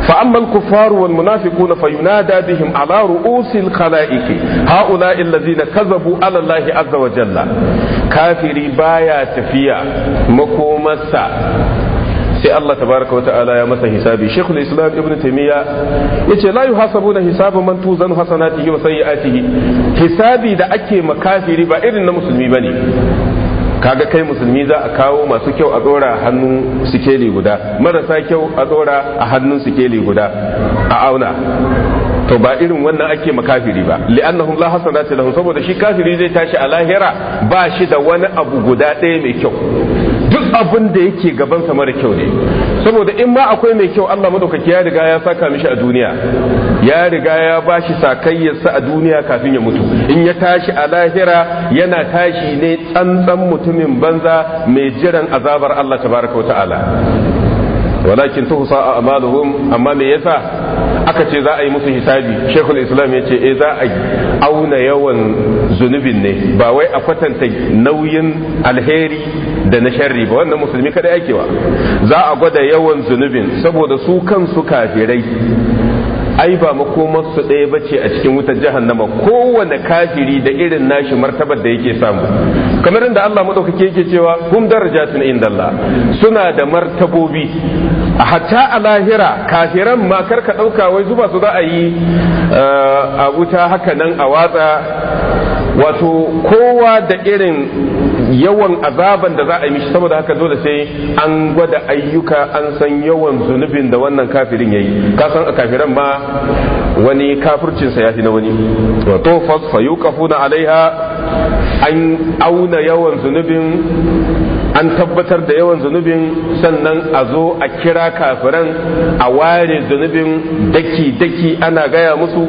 fa amma al-kuffar wal munafiqun fayunada bihim ala ru'usil khalaiq haula allazina kazabu ala allahi azza wa jalla kafiri baya tafiya makomarsa sai Allah tabaraka wata'ala ya masa hisabi Sheikhul Islam Ibn Taymiyyah yace la yuhasabuna hisabu man tuzan hasanatihi wa sayyi'atihi hisabi da ake makafiri ba irin na musulmi ba ne kaga kai musulmi za a kawo masu kyau a dora hannun sikeli guda marasa kyau a dora a hannun sikeli guda a auna to ba irin wannan ake makafiri ba li'annahum la hasanatu lahum saboda shi kafiri zai tashi a lahira ba shi da wani abu guda ɗaya mai kyau abin da yake gabansa mara kyau ne saboda in ma akwai mai kyau Allah madaukaki ya riga ya saka mishi a duniya ya riga ya bashi sakayyarsa a duniya kafin ya mutu in ya tashi a lahira yana tashi ne tsantsan mutumin banza mai jiran azabar Allah tabaraka wa ta'ala walakin tuhsa a'maluhum amma me yasa aka ce za a yi musu hisabi shekul islam ya ce e za a auna yawan zunubin ne ba wai a kwatanta nauyin alheri da na sharri ba wannan musulmi kada wa za a gwada yawan zunubin saboda su kansu kafirai ai ba su ɗaya ba ce a cikin wutar jahannama kowane kafiri da irin nashi martabar da yake samu kamar inda Allah madaukake yake cewa hum darajatun indallah suna da martabobi a hatta a lahira kafiran ma karka ɗauka wai zuba su za a yi eh, a wuta haka nan a watsa wato kowa da irin yawan azaban da za a yi mishi saboda haka dole sai an gwada ayyuka an san yawan zunubin da wannan kafirin yayi ka san a kafiran ma wani kafircinsa ya fi na wani wato fa yuqafuna alaiha an auna yawan zunubin an tabbatar da yawan zunubin sannan a zo a kira kafiran a ware zunubin daki-daki ana gaya musu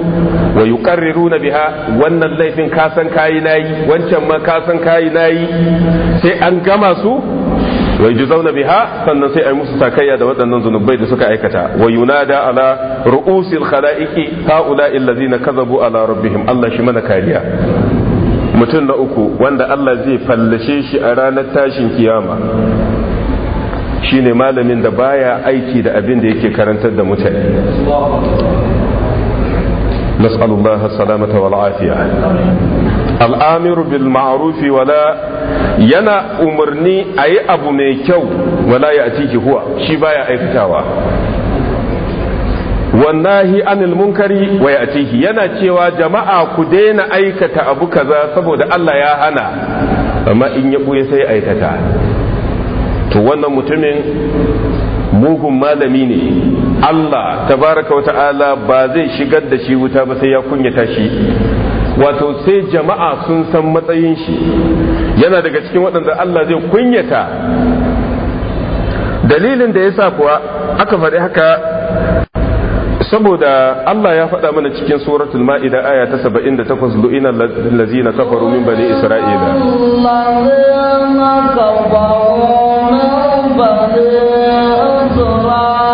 wa yuqarriru na biha wannan laifin kasan kayi yi, wancan ma kasan kayi yi, sai an gama su wa zauna biha sannan sai yi musu takayya da waɗannan zunubai da suka aikata wa da ala ru'usil khalaiqi illa allazina kazabu ala rabbihim Allah shi mana kariya mutum na uku wanda Allah zai fallashe shi a ranar tashin kiyama shine malamin da baya aiki da abin da yake karantar da mutane نسأل الله السلامة والعافية الآمر بالمعروف ولا ينا أمرني أي أبو ميكو ولا يأتيه هو شبايا أي فتاوى wannahi anil munkari wa ya'tihi yana cewa jama'a ku daina aikata abu kaza saboda Allah ya hana amma in ya buye sai aikata to wannan mutumin mugun malami ne Allah tabaraka wata'ala ba zai shigar da shi wuta ba sai ya kunyata shi wato sai jama'a sun san matsayin shi yana daga cikin waɗanda Allah zai kunyata dalilin da ya sa kuwa aka faɗi haka saboda Allah ya faɗa mana cikin suratul ma'ida aya ta 78 da allazina kafaru min bani isra'ila allazina kafaru isra'ila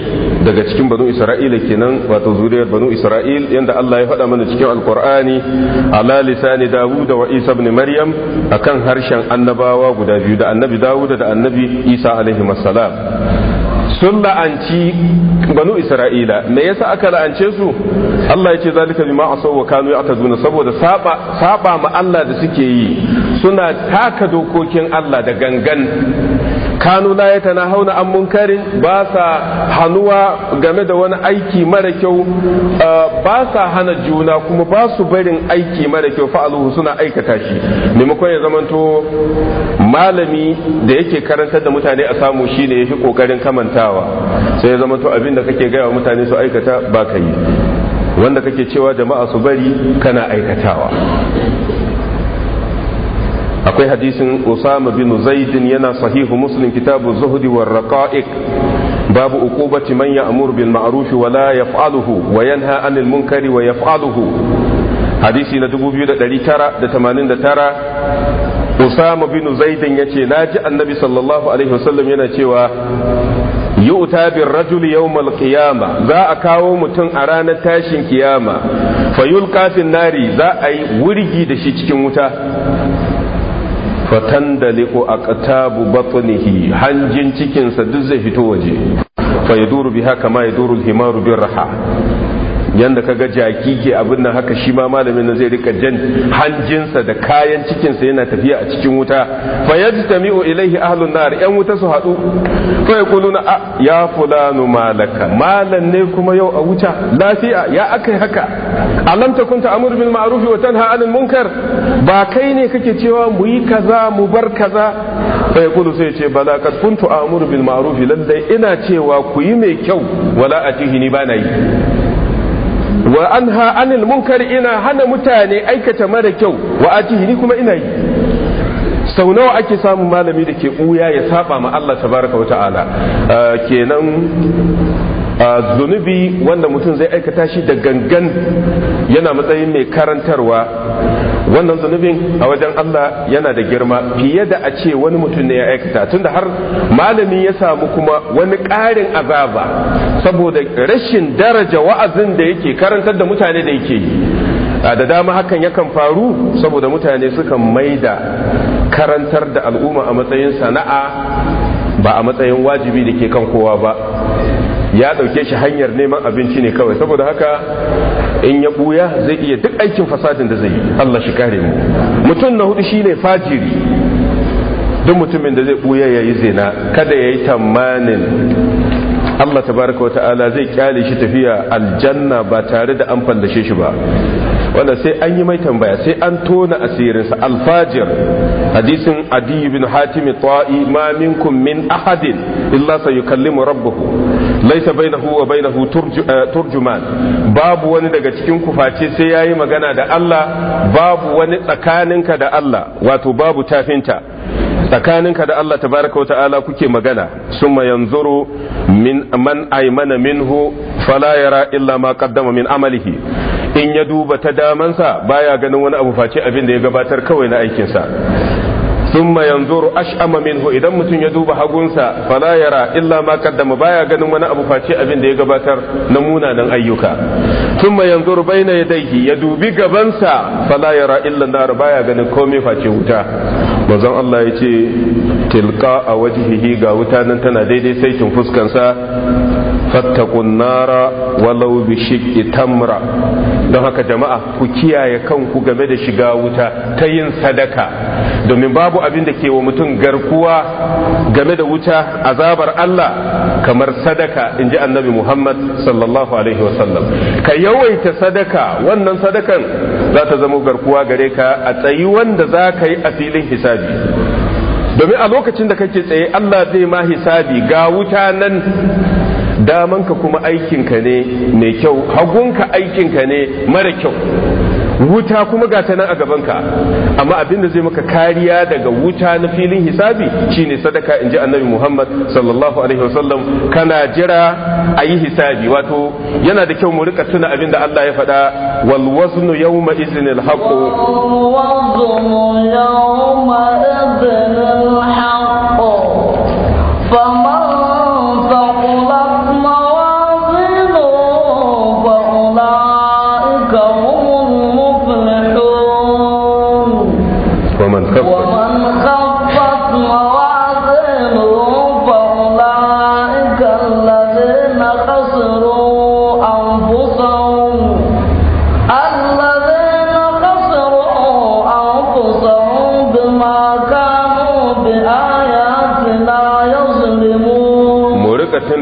daga cikin banu isra'ila kenan wato zuriyar banu isra'il yanda Allah ya faɗa mana cikin alqur'ani ala lisani dawud wa isa ibn maryam akan harshen annabawa guda biyu da annabi dawud da annabi isa alaihi wassalam sun la'anci banu isra'ila me yasa aka la'ance su Allah ya ce zalika bima asaw wa kanu ya'tazuna saboda saba saba ma Allah da suke yi suna taka dokokin Allah da gangan kanu la tana hauna an munkari ba sa hanuwa game da wani aiki mara kyau uh, ba sa hana juna kuma ba su barin aiki mara kyau fa'aluhu suna aikata shi maimakon ya zamanto malami da yake karantar da mutane a samu shi ne ya fi kokarin kamantawa sai ya zamanto abin da kake gaya wa mutane su aikata ba ka yi wanda kake cewa jama'a su bari kana aikatawa akwai hadisin usama bin zaidin yana sahihu muslim kitabu zuhdi war raqa'iq babu uqubati man ya'muru bil ma'ruf wa la yaf'aluhu wa yanha 'anil munkari wa yaf'aluhu hadisi na 2989 usama bin zaidin yace naji annabi sallallahu alaihi wasallam yana cewa yu'ta bir rajuli yawmal qiyama za a kawo mutum a ranar tashin kiyama fayul kafin nari za a yi wurgi da shi cikin wuta fatan da liku a katabu batsunihi hanjin cikinsa duk zai fito waje fa ya duru biha kama ya duru himaru bin raha Yanda kaga jaki ke abin nan haka shi ma malamin nan zai rika jan hanjinsa da kayan cikinsa yana tafiya a cikin wuta fa yajtami'u ilaihi ahlun nar yan wuta su hadu fa kuluna a ya fulanu malaka malan ne kuma yau a wuta lafiya ya akai haka alam kunta ta'muru bil ma'ruf wa tanha 'anil munkar ba kai ne kake cewa mu yi kaza mu bar kaza fa Kulu sai ce bala kad kuntu a'muru bil ma'ruf lallai ina cewa ku yi mai kyau wala ni bana yi wa anha anil munkar ina hana mutane aikata mara kyau wa atihi ni kuma ina yi sau nawa ake samun malami da ke buya ya saba ma Allah tabaraka wa ta'ala kenan zunubi wanda mutum zai aikata shi da gangan yana matsayin mai karantarwa wannan zunubin a wajen Allah yana da girma fiye da a ce wani mutum ne ya aikata tunda har malami ya samu kuma wani ƙarin azaba saboda rashin daraja wa'azin da yake karantar da mutane da yake yi da dama hakan yakan faru saboda mutane sukan maida karantar da al'umma a matsayin sana'a ba a matsayin wajibi da ke kan kowa ba ya dauke shi hanyar neman abinci ne kawai saboda haka in ya buya zai iya duk aikin fasadin da zai yi Allah shi kare mu mutum na hudu shine fajiri duk mutumin da zai buya yayi zina kada ya yi tamanin Allah tabaraka ta'ala zai kyale shi tafiya aljanna ba tare da an fallashe shi ba wanda sai an yi mai tambaya sai an tona asirinsa alfajir hadisin adi bin hatim ta'i ma minkum min ahadin illa sayukallimu rabbuhu laysa bainahu wa bainahu eh, turjuman babu wani daga cikin ku face sai yayi magana da Allah babu wani tsakaninka da Allah wato babu tafinta tsakaninka da Allah tabaraka wa ta'ala kuke magana summa yanzuru min man aymana minhu fala yara illa ma qaddama min amalihi in ya duba ta damansa baya ganin wani abu face abin da ya gabatar kawai na aikinsa thumma yanzuru ash'ama minhu idan mutum ya duba hagunsa fala yara illa ma qaddama baya ganin wani abu face abin da ya gabatar na munanan ayyuka thumma yanzuru baina yadayhi ya dubi gabansa fala yara illa nar baya ganin komai face wuta manzon Allah yace tilqa a wajhihi ga wuta nan tana daidai saitin fuskansa fattakun nara walau bi shiqqi tamra don haka jama'a ku kiyaye kanku game da shiga wuta ta yin sadaka domin babu abin da ke wa mutum garkuwa game da wuta azabar Allah kamar sadaka in ji annabi Muhammad sallallahu alaihi wasallam ka yawaita sadaka wannan sadakan za ta zama garkuwa gare ka a tsayi wanda za ka yi a filin hisabi domin a lokacin da kake tsaye Allah zai ma hisabi ga wuta nan damanka kuma aikinka ne mai kyau hagunka aikinka ne mara kyau wuta kuma ga ta nan a gabanka amma abinda zai maka kariya daga wuta na filin hisabi shine sadaka inji annabi Muhammad sallallahu alaihi wasallam kana jira a yi hisabi wato yana da kyau mu rika tuna abin da Allah ya faɗa wal waznu yawma iznil haqq كَالَّذِينَ خَسِرُوا أَنفُسَهُمْ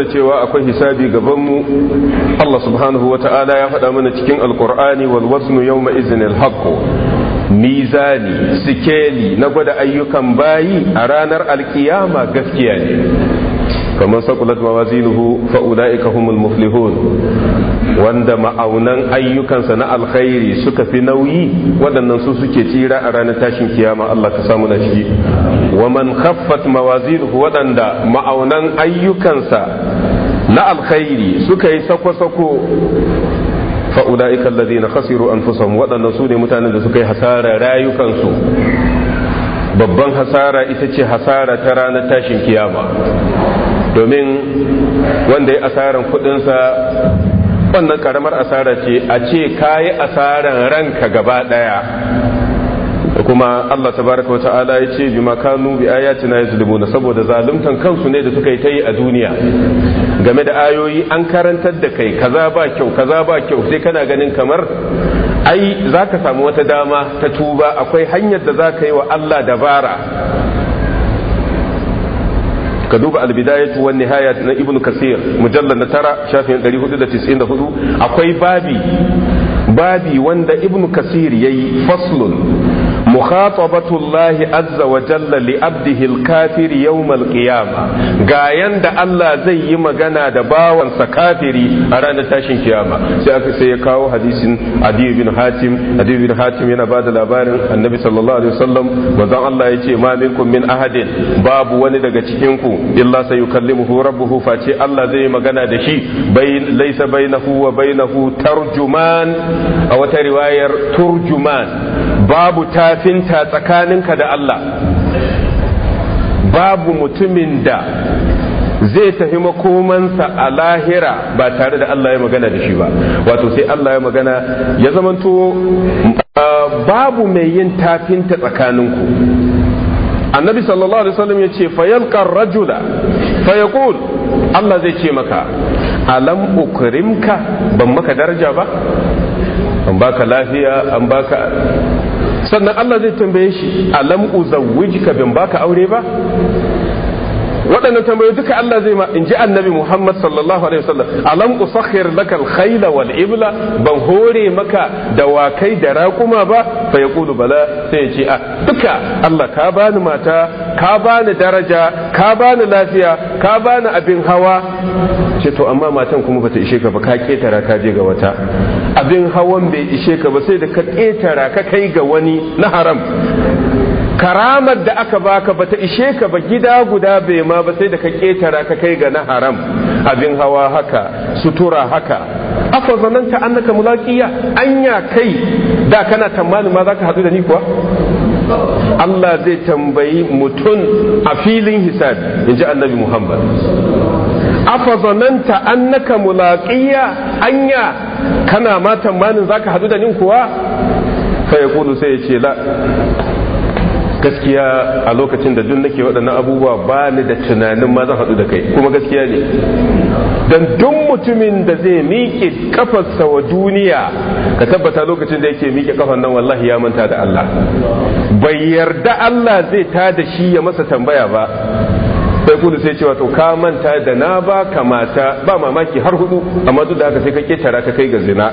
cewa akwai hisabi gaban mu Allah subhanahu wata'ala ya faɗa mana cikin Al-Qur'ani wal waznu yawma idhin al mizani sikeli na gwada ayyukan bayi a ranar alkiyama gaskiya ne kamar sakulat mawazinuhu fa ulaika humul wanda ma'aunan ayyukansa na alkhairi suka fi nauyi waɗannan su suke tsira a ranar tashin kiyama Allah ka samu na shi. wa man khaffat mawazinuhu waɗanda ma'aunan ayyukansa na alkhairi suka yi sako-sako fa ulaika alladhina an anfusahum waɗannan su ne mutanen da suka yi hasara rayukansu babban hasara ita ce hasara ta ranar tashin kiyama domin wanda ya asaran kudinsa wannan karamar asara ce a ce ka yi asaran ranka gaba daya kuma Allah tabaraka wa ta'ala ya ce bi makanu bi ayatina yuzlimuna saboda zaluntan kansu ne da suka yi ta yi a duniya game da ayoyi an karantar da kai kaza ba kyau kaza ba kyau sai kana ganin kamar ai zaka samu wata dama ta tuba akwai hanyar da zaka yi wa Allah dabara ka duba albidayatu wan nihaya na ibn kasir mujallal na tara shafin 494 akwai babi babi wanda ibn kasir yayi faslun mukhatabatullahi azza wa jalla li abdihi al-kafir yawm al-qiyama ga yanda Allah zai yi magana da bawansa kafiri a ranar tashin kiyama sai aka sa ya kawo hadisin Adi bin Hatim Adi bin Hatim yana bada labarin Annabi sallallahu alaihi wasallam manzon Allah yace ma minkum min ahadin babu wani daga cikin ku kalli sayukallimuhu rabbuhu face Allah zai yi magana da shi bai laisa bainahu wa bainahu tarjuman a wata riwayar turjuman babu ta kafinta tsakaninka da Allah babu mutumin da zai tafi makomansa a lahira ba tare da Allah ya magana da shi ba wato sai Allah ya magana ya zamanto ah, babu mai yin tafinta tsakaninku annabi sallallahu alaihi wasallam ya ce fayalkar rajula fayakul Allah zai ce maka alam ukrimka ban maka daraja ba an baka lafiya an baka sannan Allah zai tambaye shi alam uzawwijka bin baka aure ba waɗannan tambayoyi duka Allah zai ma in ji annabi Muhammad sallallahu alaihi wasallam alam usakhir laka al-khayla wal ibla ban hore maka dawakai da raƙuma ba fa yaqulu bala sai ya ce a ah, duka Allah ka bani mata ka bani daraja ka bani lafiya ka bani abin hawa ce to amma matan kuma bata ishe ka ba ka ketara ka je ga wata abin hawan bai ishe ka ba sai da ka ƙetara ka kai ga wani na haram karamar da aka baka bata ishe ka ba gida guda bai ma ba sai da ka ƙetara ka kai ga na haram abin hawa haka sutura haka afa zananta annaka mulaqiya anya kai da kana tamani ma ka hadu da ni kuwa Allah zai tambayi mutum a filin hisabi inji annabi Muhammad afa annaka mulaqiya anya kana ma tamanin zaka hadu da nin kuwa fa kudu sai ya ce la gaskiya a lokacin da duk nake waɗannan abubuwa ba ni da tunanin ma zan haɗu da kai kuma gaskiya ne don duk mutumin da zai miƙe kafarsa wa duniya ka tabbata lokacin da yake miƙe kafan nan wallahi ya manta da Allah bai yarda Allah zai ta da shi ya masa tambaya ba sai kudu sai cewa to ka manta da na ba ka mata ba mamaki har hudu amma duk da haka sai ka ketara ka kai ga zina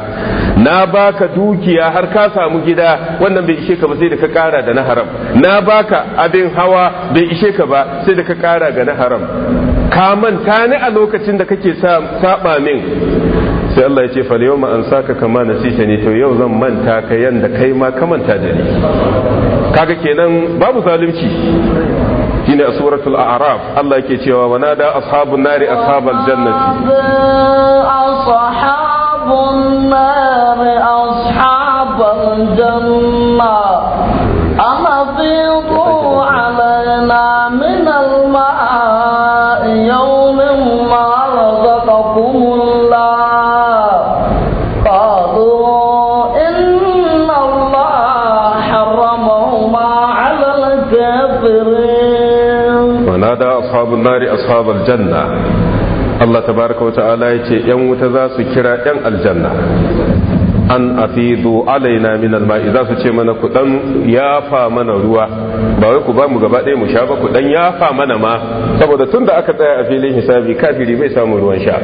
na ba ka dukiya har ka samu gida wannan bai ishe ka ba sai da ka kara da na haram na ba ka abin hawa bai ishe ka ba sai da ka kara ga na haram ka manta ni a lokacin da kake saba min sai Allah ya ce fa yau ma an saka kama nasita ne to yau zan manta ka yanda kai ma ka manta da ni kaga kenan babu zalunci shine a suratul a'raf Allah yake cewa wa nada ashabun nari ashabal jannati ashabun nari ashabal janna amma fiqu alaina min al-ma'a yawmin ma razaqakum ashabal janna Allah tabaraka wa ta'ala ya ce ‘yan wuta za su kira ‘yan aljanna an afidu alaina min alma'i za su ce mana ku dan yafa mana ruwa ba wai ku ba mu gaba ɗaya mu sha ba ku dan yafa mana ma saboda tun da aka tsaya a filin hisabi kafiri bai samu ruwan sha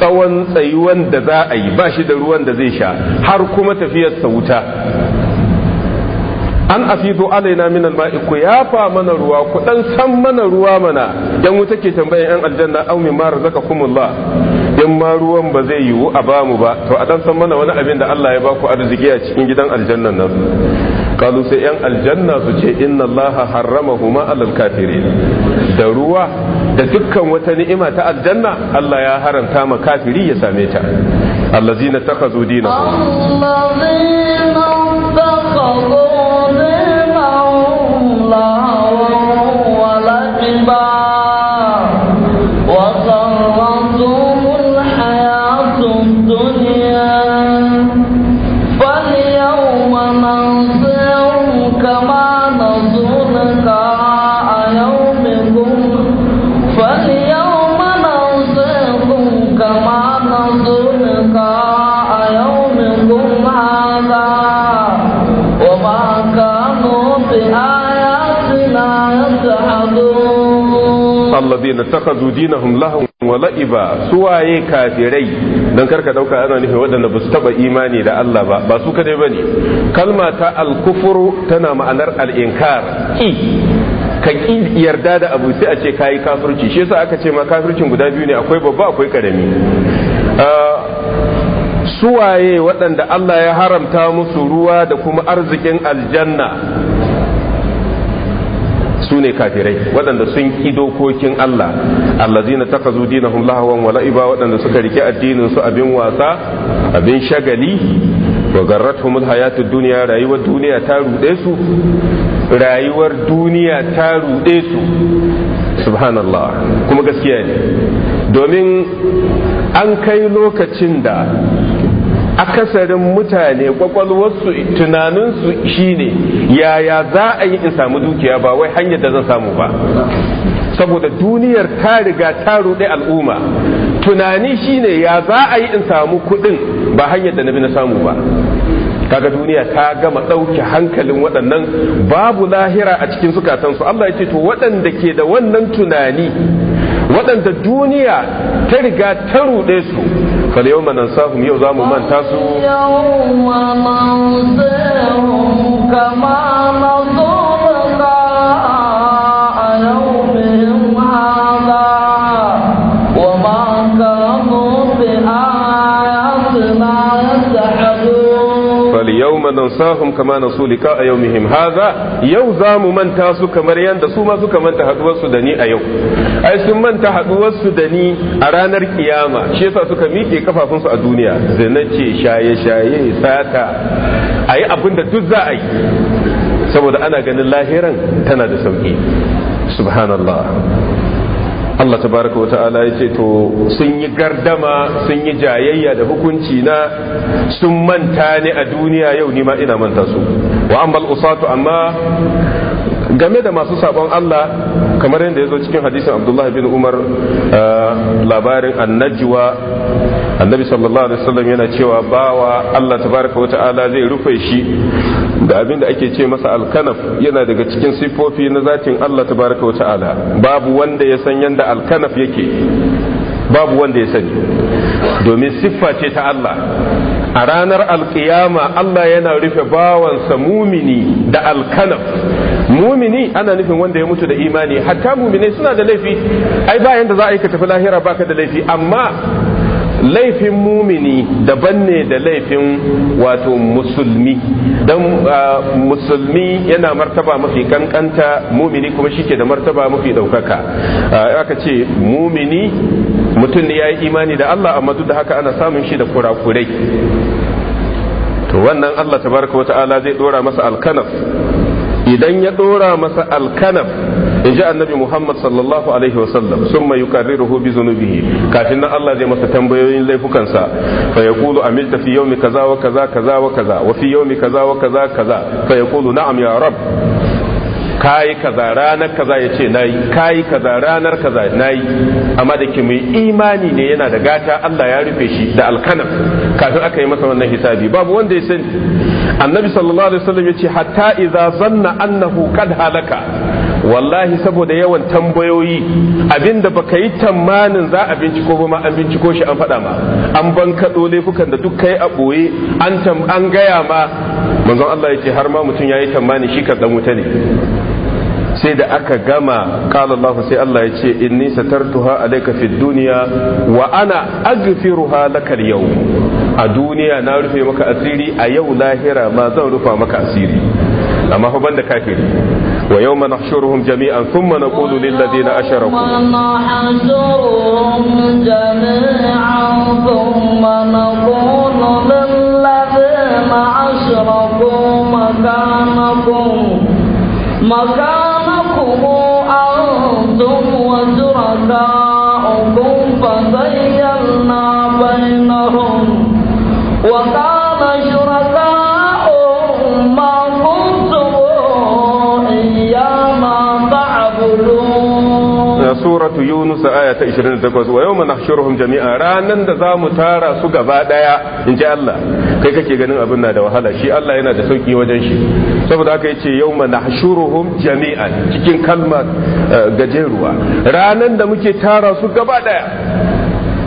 tsawon tsayuwan da za a yi ba shi da ruwan da zai sha har kuma tafiyar tafiyarsa wuta an afidu alaina min alma'i ku yafa mana ruwa ku dan san mana ruwa mana dan wuta ke tambayan yan aljanna aw min ma razaqakumullah in ma ruwan ba zai yiwu a bamu ba to a dan san mana wani abin da Allah ya baku arziki a cikin gidan aljannan nan kalu sai yan aljanna su ce inna Allah harramahuma alal kafirin da ruwa da dukkan wata ni'ima ta aljanna Allah ya haramta ma kafiri ya same ta allazina takhazu dinahum na takazu dinahum lahum wa la'iba suwaye kafirai dan karka dauka ana nufi waɗanda ba su taba imani da Allah ba ba su kadai bane kalma ta al-kufru tana ma'anar al-inkar ki ka ki yarda da abu sai a ce kayi kafirci shi yasa aka ce ma kafircin guda biyu ne akwai babba akwai karami ah, suwaye waɗanda Allah ya haramta musu ruwa da kuma arzikin aljanna su ne kafirai waɗanda sun ki dokokin Allah allazina takazu dinahum lahawan wa la'iba waɗanda suka rike addinin su abin wasa abin shagali wa humul hayatu duniya rayuwar duniya ta ruɗe su rayuwar duniya ta ruɗe su subhanallah kuma gaskiya ne domin an kai lokacin da akasarin mutane kwakwalwarsu tunaninsu shine yaya za a yi in samu dukiya ba wai hanyar da zan samu ba saboda duniyar ta riga ta ruɗe al'umma tunani shine ya za a yi in samu kuɗin ba hanyar da na bi na samu ba kaga duniya ta gama ɗauke hankalin waɗannan babu lahira a cikin sukatansu. Allah ya ce to waɗanda ke da wannan tunani waɗanda duniya ta riga ta ruɗe su فاليوم ننساهم يوزام من تاسو اليوم ننساهم كما نظر ansahum kama nasu a yawmihim hadha yau za mu manta su kamar yanda su ma suka manta haduwar su da ni a yau ai sun manta haduwar su da ni a ranar kiyama shi yasa suka miƙe kafafun su a duniya ce shaye shaye sata ayi abin da duk za a yi saboda ana ganin lahiran tana da sauki subhanallah Allah tabaraka wata'ala ya ce to sun yi gardama sun yi jayayya da hukunci na sun manta ne a duniya yau ni ma ina manta su wa ambal usatu amma game da masu sabon Allah kamar yadda ya zo cikin hadisin Abdullah bin Umar uh, labarin annajuwa annabi sallallahu alaihi wasallam yana cewa bawa Allah tabaraka wata'ala zai rufe shi da abin da ake ce masa alkanaf yana daga cikin sifofi na zatin Allah tabaraka wata'ala babu wanda ya san yanda alkanaf yake babu wanda ya sani domin siffa ce ta Allah a ranar alkiyama Allah yana rufe bawansa mumini da alkanaf mumini ana nufin wanda ya mutu da imani hatta muminai suna da laifi ai bayan da za a yi ka tafi lahira baka da laifi amma laifin mumini daban ne da laifin wato musulmi don ah, musulmi yana martaba mafi kankanta mumini kuma shike da martaba mafi daukaka ah, aka ce mumini mutum ne ya yi imani da Allah amma duk da haka ana samun shi da kurakurai to wannan Allah tabaraka wa ta'ala zai dora masa alkanaf idan ya dora masa alkanaf in ji annabi muhammad sallallahu alaihi wasallam sun mai yukarriruhu bi zunubihi kafin nan allah zai masa tambayoyin laifukansa fa yaqulu amilta fi yawmi kaza wa kaza kaza wa kaza wa fi yawmi kaza wa kaza kaza fa yaqulu na'am ya rab kayi kaza ranar kaza ya ce na yi kayi kaza ranar kaza na yi amma da ke mai imani ne yana da gata Allah ya rufe shi da alkanar kafin aka yi masa wannan hisabi babu wanda ya sani annabi sallallahu alaihi wasallam ya ce hatta idza zanna annahu kad halaka wallahi saboda yawan tambayoyi abinda baka yi tamanin za a binciko ba ma an binciko shi an faɗa ma an ban kaɗo laifukan da duk kai a ɓoye an gaya ma manzon Allah ya ce har ma mutum ya yi tamani shi kan dan wuta ne sai da aka gama qala Allah sai Allah ya ce inni satartuha alayka fid dunya wa ana aghfiruha laka yau a duniya na rufe maka asiri a yau lahira ma zan rufa maka asiri amma fa banda kafiri ويوم نحشرهم جميعا ثم نقول للذين أشركوا ونحشرهم جميعا ثم نقول للذين أشركوا مكانكم مكانكم أنتم وشركاؤكم فزينا بينهم وكان suratu yunus aya ta 28 wa yawma nahshuruhum jami'a ranan da zamu tara su gaba daya in ji Allah kai kake ganin abin na da wahala shi Allah yana da sauki wajen shi saboda haka yace yawma nahshuruhum jami'an cikin kalmar eh, gajeruwa ranan da muke tara su gaba daya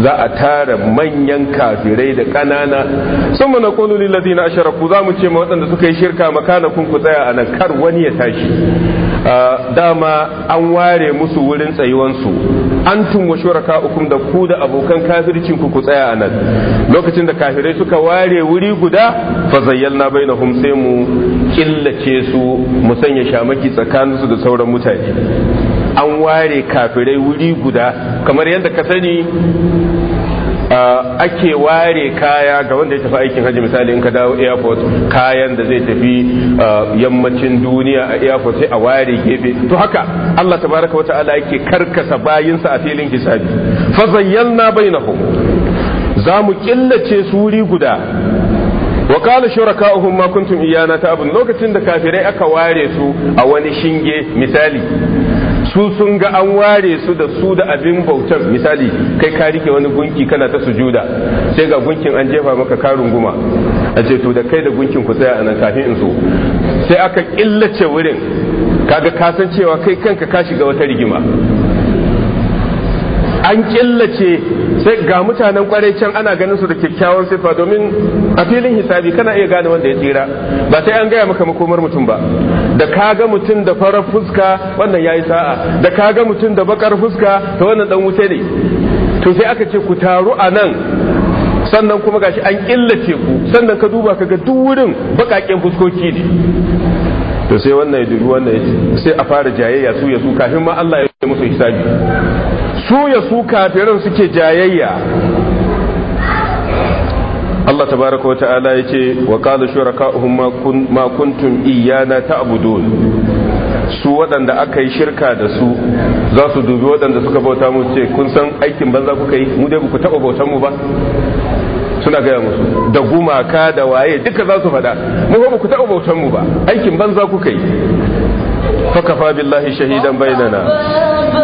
za a tara manyan kafirai da ƙanana sun mana kunu lillazi na asharaku za mu ce ma waɗanda suka yi shirka makana kun ku tsaya a nan kar wani ya tashi Ah, dama an ware musu wurin tsayuwansu antum wa ukum da ku da abokan kafircin ku ku tsaya a nan lokacin da kafirai suka ware wuri guda fa zayyalna bainahum sai mu killace su mu sanya shamaki tsakanin su da sauran mutane an ware kafirai wuri guda kamar yadda ka sani ake ware kaya ga wanda ya tafi aikin hajji misali in ka dawo airport kayan da zai tafi yammacin duniya a airport sai a ware gefe to haka Allah tabaraka wa ta'ala yake karkasa bayinsa a filin hisabi fa zayyalna bainahum za mu killace su wuri guda wa qala shuraka'uhum ma kuntum iyana ta'budun lokacin da kafirai aka ware su a wani shinge misali su sun ga an ware su da su da abin bautar misali kai ka rike wani gunki kana ta sujuda sai ga gunkin an jefa maka karin guma a ce to da kai da gunkin ku tsaya anan kafin in so sai aka killace wurin kaga kasancewa kai kanka ka shiga wata rigima an killace sai ga mutanen kwarai can ana ganin su da kyakkyawan sifa domin a filin hisabi kana iya gane wanda ya tsira ba sai an gaya maka makomar mutum ba da ka ga mutum da farar fuska wannan yayi sa'a da ka ga mutum da bakar fuska to wannan dan wuce ne to sai aka ce ku taru a nan sannan kuma gashi an killace ku sannan ka duba ka ga duk wurin bakaken fuskoki ne to sai wannan ya dubi wannan sai a fara jayayya su ya su kafin ma Allah ya yi musu hisabi su ya su kafiran suke jayayya Allah tabaraka wa ta'ala yace wa qala shuraka'uhum ma kuntum iyyana ta'budun su waɗanda aka yi shirka da su za su dubi waɗanda suka bauta mu ce kun san aikin banza kuka yi mu dai ku taɓa bautan mu ba suna gaya musu da gumaka da waye duka za su faɗa mu ba ku taɓa bautan mu ba aikin banza kuka yi fa kafa billahi shahidan bainana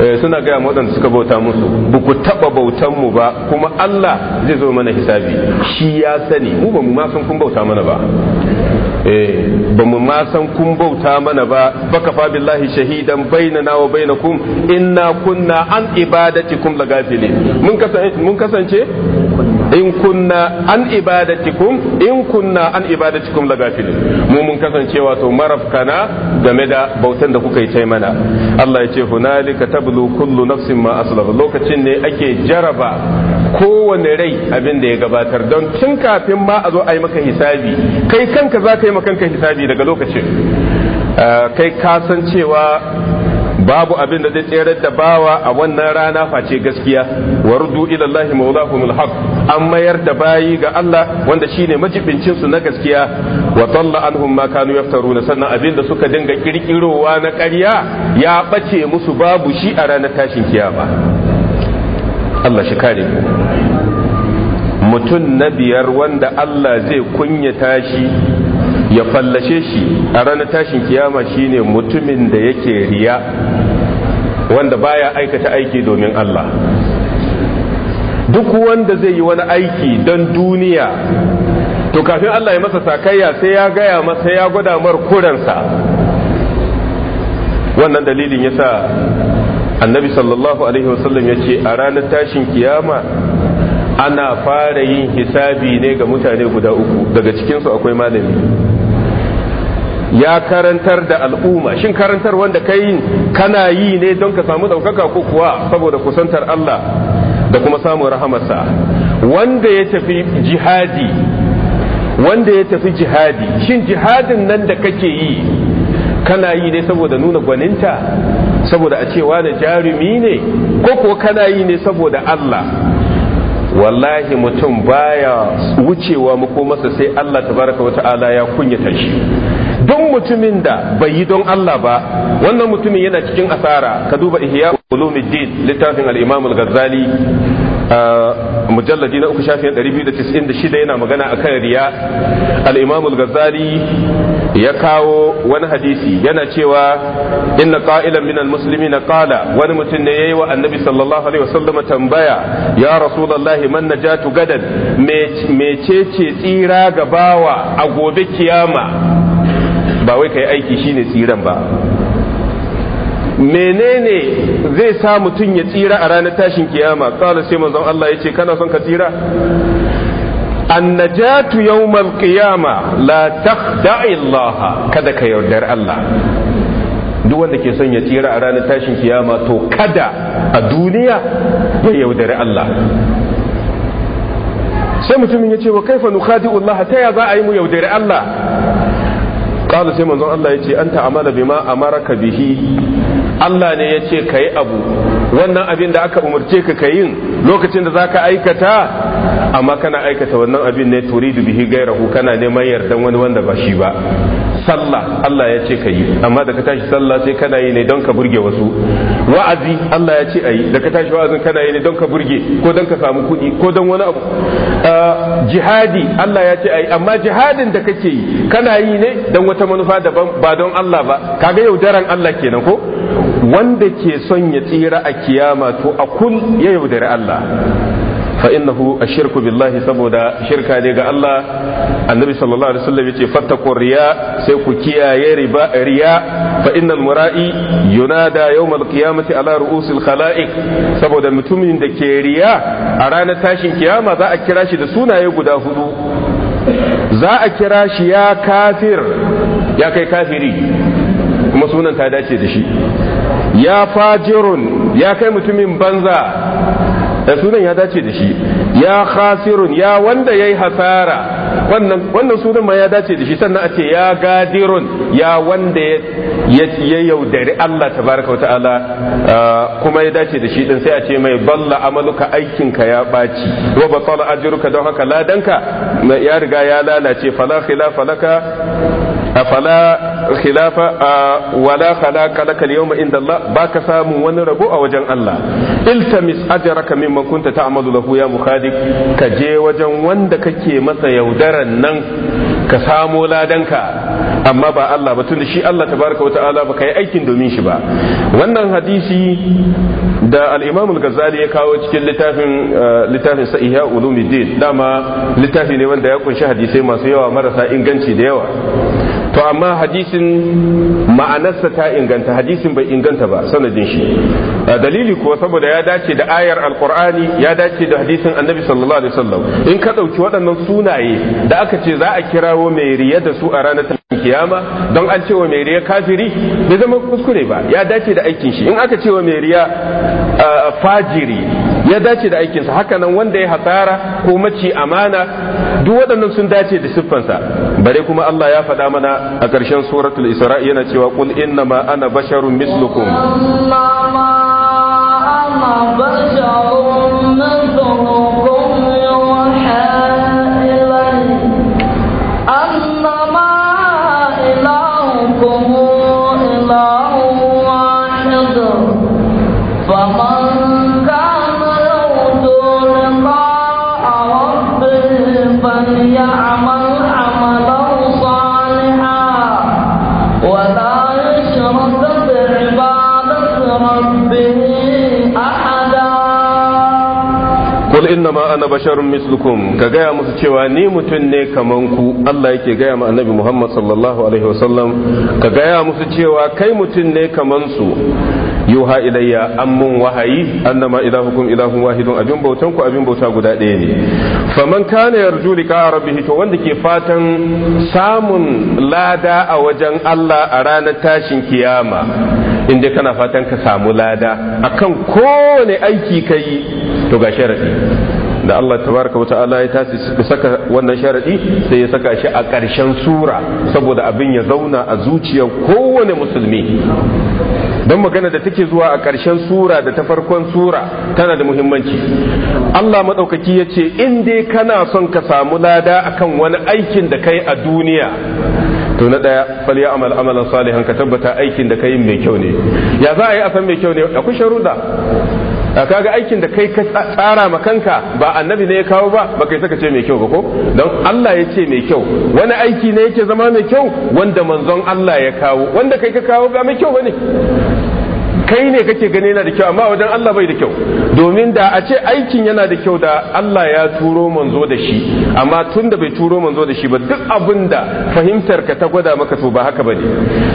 Eh, suna gaya waɗanda suka bauta musu ba ku taɓa bautan mu ba kuma Allah zai zo mana hisabi shi ya sani mu ba mu ma san kun bauta mana ba eh, ba mu ma san kun bauta mana ba baka fa billahi shahidan bainana wa bainakum inna kunna an ibadatikum lagafilin mun kasance in kunna an ibadatikum in kunna an ibadatikum lagafilin mu mun kasance wato marafkana game da bautan da kuka yi ta mana Allah ya ce hunalika tablu kullu nafsin ma aslaba lokacin ne ake jaraba kowane rai abin da ya gabatar don tun kafin ma a zo a yi maka hisabi kai kanka za ka yi maka hisabi daga lokacin ah, kai ka san cewa babu abin da zai tserar da bawa a wannan rana face gaskiya wardu ila Allah mawlahum haq an mayar da bayi ga Allah wanda shine majibincin su na gaskiya wa talla anhum ma kanu yaftaruna sannan abin da suka dinga kirkirowa na ƙarya ya bace musu babu shi a ranar tashin kiyama Allah shi kare mutum na biyar wanda Allah zai kunyata shi ya fallashe shi a ranar tashin kiyama shine mutumin da yake riya wanda baya aikata aiki domin Allah duk wanda zai yi wani aiki don duniya to kafin Allah ya masa sakayya sai ya gaya masa ya gwada mar kuransa wannan dalilin yasa annabi sallallahu alaihi wasallam ya ce a ranar tashin kiyama ana fara yin hisabi ne ga mutane guda uku daga cikinsu akwai malami ya karantar da al'umma shin karantar wanda ka yi kana yi ne don ka samu ɗaukaka ko kuwa saboda kusantar Allah da kuma samun rahamarsa wanda ya tafi jihadi wanda ya tafi jihadi shin jihadin nan da kake yi kana yi ne saboda nuna gwaninta saboda a cewa da jarumi ne ko kuwa kana yi ne saboda Allah wallahi mutum baya wucewa mu makomarsa sai Allah tabaraka wa ta'ala ya kunyata shi don mutumin da bai yi don Allah ba wannan mutumin yana cikin asara ka duba ihya ulumuddin littafin al-imam al-ghazali uh, mujalladi na uku shafin 296 yana magana akan riya al-imam al-ghazali ya kawo wani hadisi yana cewa inna qa'ilan min al-muslimin qala wani mutum ne yayi wa annabi sallallahu alaihi wasallam tambaya ya rasulullahi man najatu gadan mecece tsira ga bawa a gobe kiyama ba wai ka yi aiki shine tsiran ba menene zai sa mutum ya tsira a ranar tashin kiyama kala sai manzon Allah ya ce kana son ka tsira annajatu yawmal qiyama la takhda'i Allah kada ka yaudar Allah duk wanda ke son ya tsira a ranar tashin kiyama to kada a duniya ya yaudari Allah sai mutumin ya ce wa kaifa nukhadi'u Allah ta ya za a yi mu yaudari Allah kala sai manzon Allah yace anta amala ta'amala bima ka bihi Allah ne yace ce kai abu wannan abin da aka umarce ka yin lokacin da zaka aikata amma kana aikata wannan abin ne turidu bihi gairahu kana neman yardan wani wanda ba shi ba sallah Allah ya ce ka yi amma da ka tashi sallah sai kana yi ne don ka burge wasu wa'azi Allah ya ce a yi da ka tashi wa'azin kana yi ne don ka burge ko don ka samu kuɗi ko don wani abu ah, jihadi Allah ya ce a yi amma jihadin da kake yi kana yi ne don wata manufa daban ba don Allah ba kaga yaudaran Allah kenan ko wanda ke son ya tsira a kiyama to a kul ya yaudari Allah fa innahu ashirku billahi saboda shirka ne ga Allah annabi sallallahu alaihi wasallam yace fattaqu riya sai ku kiyaye riya. riya fa innal mura'i yunada yawmal qiyamati ala ru'usil khalaiq saboda mutumin da ke riya a ranar tashin kiyama za a kira shi da sunaye guda hudu za a kira shi ya kafir ya kai kafiri kuma sunan ta dace da shi ya fajirun ya kai mutumin banza da sunan ya dace da shi ya khasirun ya wanda yayi hasara wannan wannan sunan ma ya dace da shi sannan a ce ya gadirun ya wanda ya yaudari Allah tabaraka ta'ala kuma ya dace da shi din sai a ce mai balla amaluka ka ya baci wa batala ajruka don haka ladanka ya riga ya lalace fala khilafa laka afala khilafa wala khalaqa laka al-yawma inda Allah baka samu wani rabo a wajen Allah iltamis ajraka mimman kunta ta'malu lahu ya mukhadik ka je wajen wanda kake masa yaudaran nan ka samo ladanka amma ba Allah ba tunda shi Allah tabaraka wa ta'ala baka yi aikin domin shi ba wannan hadisi da al'imamul imam ya kawo cikin littafin littafin sa Ihya Ulumuddin dama littafi ne wanda ya kunshi hadisai masu yawa marasa inganci da yawa to amma hadisin ma'anarsa ta inganta hadisin bai inganta ba sanadin shi dalili kuwa saboda ya dace da ayar alkurani ya dace da hadisin annabi sallallahu alaihi wasallam in ka dauki waɗannan sunaye da aka ce za a kirawo mai riya da su a ranar kiyama don an cewa mai riya kafiri bai zama kuskure ba ya dace da aikin shi in aka cewa mai riya fajiri ya dace da aikinsa hakanan wanda ya hasara ko maci amana duk waɗannan sun dace da siffansa bare kuma Allah ya faɗa mana a ƙarshen suratul isra yana cewa qul inna ma ana basharun mislukum inna ma ana basharun mislukum ka gaya musu cewa ni mutum ne kaman ku Allah yake gaya ma annabi Muhammad sallallahu alaihi wasallam ka gaya musu cewa kai mutum ne kaman su yuha ilayya ammun wahayi annama ilahukum ilahun wahidun abin bautan ku abin bauta guda ɗaya ne faman kana yarju lika rabbih to wanda ke fatan samun lada a wajen Allah a ranar tashin kiyama inda kana fatan ka samu lada akan kowane aiki kai to ga sharadi da Allah tabaraka wata'ala ya tasi saka wannan sharadi sai ya saka shi a ƙarshen sura saboda abin ya zauna a zuciyar kowane musulmi don magana da take zuwa a ƙarshen sura da ta farkon sura tana da muhimmanci Allah maɗaukaki ya ce in dai kana son ka samu lada akan wani aikin da kai a duniya to na ɗaya fal ya amal amalan salihan ka tabbata aikin da kai mai kyau ne ya za a yi a san mai kyau ne akwai sharuda kaga aikin da kai ka tsara ma kanka ba annabi ne ya kawo ba ba kai saka ce mai kyau ba ko don Allah ya ce mai kyau wani aiki ne yake zama mai kyau wanda manzon Allah ya kawo wanda kai ka kawo ba mai kyau bane kai ne kake gani yana da kyau amma wajen Allah bai da kyau domin da a ce aikin yana da kyau da Allah ya turo manzo da shi amma tun da bai turo manzo da shi ba duk abin da fahimtar ka ta gwada maka to ba haka bane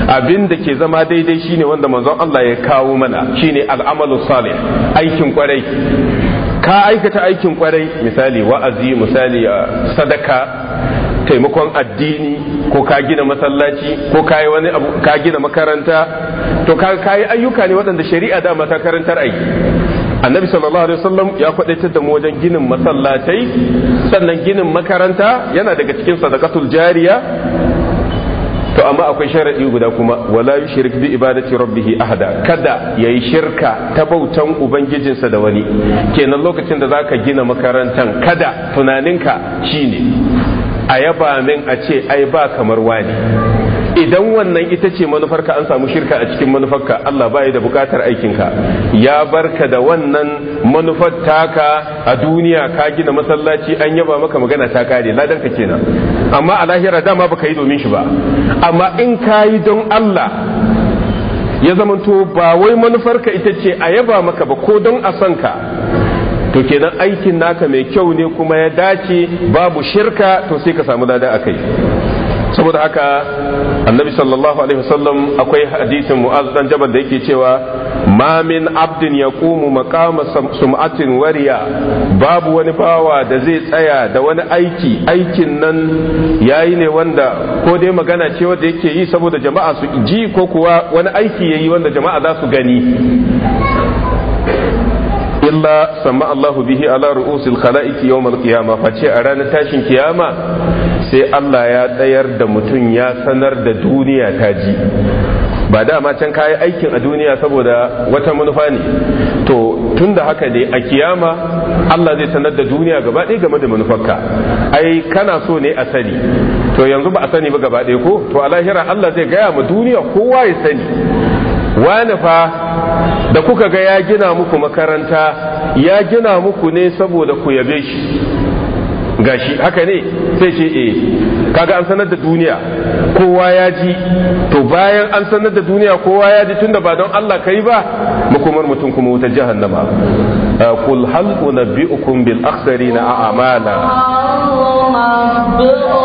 abin da ke zama daidai shine wanda manzon Allah ya kawo mana shine al'amalu salih aikin kwarai ka aikata aikin kwarai misali wa'azi misali uh, sadaka taimakon addini ko ka gina masallaci ko ka yi wani abu ka gina makaranta to kayi ayyuka ne waɗanda shari'a dama ta karantar aiki annabi sallallahu alaihi wasallam ya kwadaitar da mu wajen ginin masallatai sannan ginin makaranta yana daga cikin sadaqatul jariya to amma akwai sharadi guda kuma wala yushrik bi ibadati rabbih ahada kada yayi shirka ta bautan ubangijinsa da wani kenan lokacin da zaka gina makarantan kada tunaninka shine a yaba min a ce ai ba kamar wani idan wannan ita ce manufarka an samu shirka a cikin manufarka Allah baya da bukatar aikinka ya barka da wannan manufar taka a duniya ka gina masallaci an yaba maka magana ta kare ladan ka kenan amma a lahira dama baka yi domin shi ba amma in ka yi don Allah ya zamanto ba wai manufarka ita ce a yaba maka ba ko don a san ka to kenan aikin naka mai kyau ne kuma ya dace babu shirka to sai ka samu lada a kai. saboda haka annabi sallallahu alaihi wasallam akwai hadisin mu'az dan jabal da yake cewa ma min abdin yaqumu maqama sum'atin wariya babu wani bawa da zai tsaya da wani aiki aikin nan yayi ne wanda ko dai magana ce wanda yake yi saboda jama'a su ji ko kuwa wani aiki yayi wanda jama'a za su gani illa sama Allahu bihi ala ru'usil yawm al qiyamah face a ranar tashin kiyama sai Allah ya tsayar da mutum ya sanar da duniya ta ji ba dama can kayi aikin a duniya saboda wata manufa ne to tun da haka ne a kiyama Allah zai sanar da duniya gaba ɗaya game da manufarka ai kana so ne a sani to yanzu ba a sani ba gaba ɗaya ko to a lahira Allah zai gaya ma duniya kowa ya sani wani fa da kuka ga ya gina muku makaranta ya gina muku ne saboda ku yabe shi gashi haka ne sai ce eh kaga an sanar da duniya kowa ya ji to bayan an sanar da duniya kowa ya ji tunda ba don Allah kai ba makomar mutum kuma wutar jahannama ah, qul hal unabbiukum bil akhsarina a'mala bil akhsarina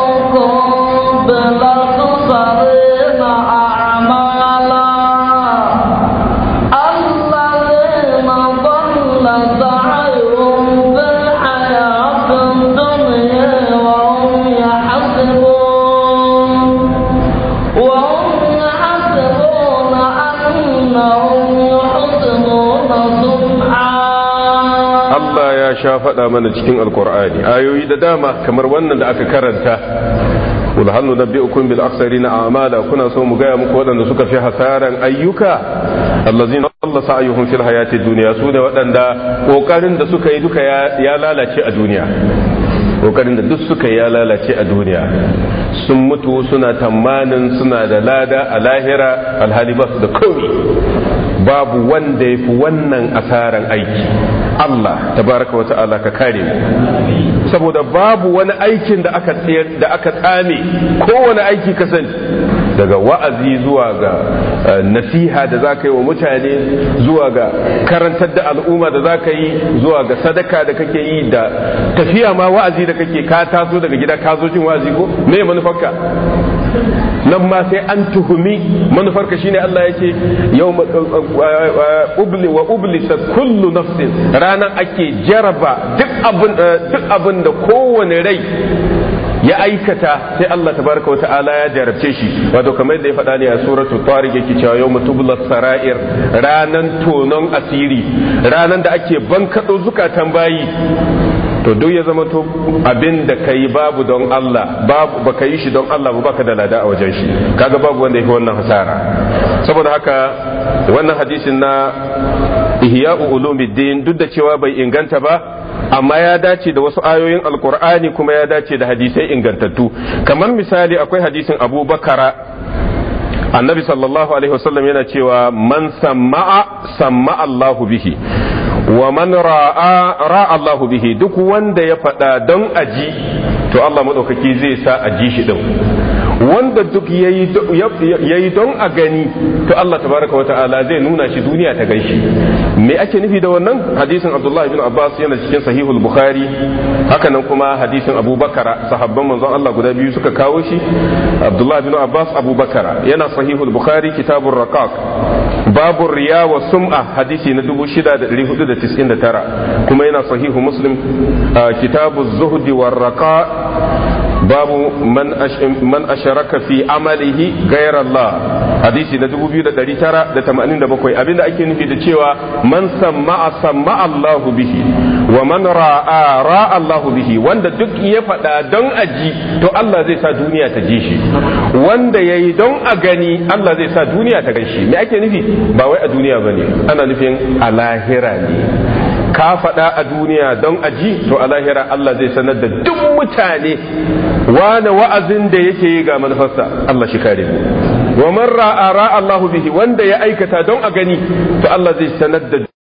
sha faɗa mana cikin alkur'ani ayoyi da dama kamar wannan da aka karanta kul hal nunabbi'ukum bil na a'mala kuna so mu gaya muku waɗanda suka fi hasaran ayyuka allazina Allah sa'ayuhum fil hayati dunya su ne waɗanda kokarin da suka yi duka ya lalace a duniya kokarin da duk suka ya lalace a duniya sun mutu suna tamanin suna da lada a lahira alhali ba su da komi babu wanda ya fi wannan asaran aiki Allah tabaraka wa ta'ala ka kare mu saboda babu wani aikin da aka da aka tsame kowane aiki ka sani daga wa'azi zuwa ga eh, nasiha da za ka yi wa mutane zuwa ga karantar da al'umma da za ka yi zuwa ga sadaka da kake yi da tafiya ma wa'azi da kake ka taso daga gida ka zo cin wa'azi ko me manufarka nan ma sai an tuhumi manufar ka shine Allah yake yau uh, uh, uh, ubli wa ubli ublisa kullu nafsin ranan ake jaraba duk abin duk abin da kowane rai ya aikata sai Allah tabaraka wata'ala ya jarabce shi wato kamar da ya faɗa ne a suratu tariq yake cewa yau mutubula sara'ir ranan tonon asiri ranan da ake bankaɗo zukatan bayi to duk ya zama to abin da ka babu don Allah babu baka yi shi don Allah ba baka da lada a wajen shi kaga babu wanda yake wannan hasara saboda haka wannan hadisin na ihya ulumuddin duk da cewa bai inganta ba amma ya dace da wasu ayoyin alkur'ani kuma ya dace da hadisai ingantattu kamar misali akwai hadisin abubakara annabi sallallahu alaihi wasallam yana cewa man sama'a sama'a Allahu bihi wa man ra'a ra'a Allahu bihi duk wanda ya faɗa don aji to Allah madaukaki zai sa aji shi din wanda duk yayi don a gani to Allah tabaraka wa ta'ala zai nuna shi duniya ta gaishe. me ake nufi da wannan hadisin Abdullah ibn Abbas yana cikin sahihul Bukhari haka nan kuma hadisin Abu Bakara sahabban manzon Allah guda biyu suka kawo shi Abdullah ibn Abbas Abu Bakara yana sahihul Bukhari kitabur raqaq babu riya wa sum'a hadisi na 6499 kuma yana sahihu Muslim kitabuz zuhdi war raqa babu man ash man ash ashraka fi amalihi ghayra Allah hadisi na 2987 abinda ake nufi da cewa man samma samma Allah bihi wa man ra'a ra'a Allah bihi wanda duk ya faɗa don aji to Allah zai sa duniya ta ji shi wanda yayi don a gani Allah zai sa duniya ta gan shi me ake nufi ba wai a duniya ba ne ana nufin a lahira ne ka faɗa a duniya don aji to a lahira Allah zai sanar da duk mutane wane wa'azin da yake yi ga manufarsa Allah shi kare wa man ra'a ra'a bihi wanda ya aikata don a gani to Allah zai sanar da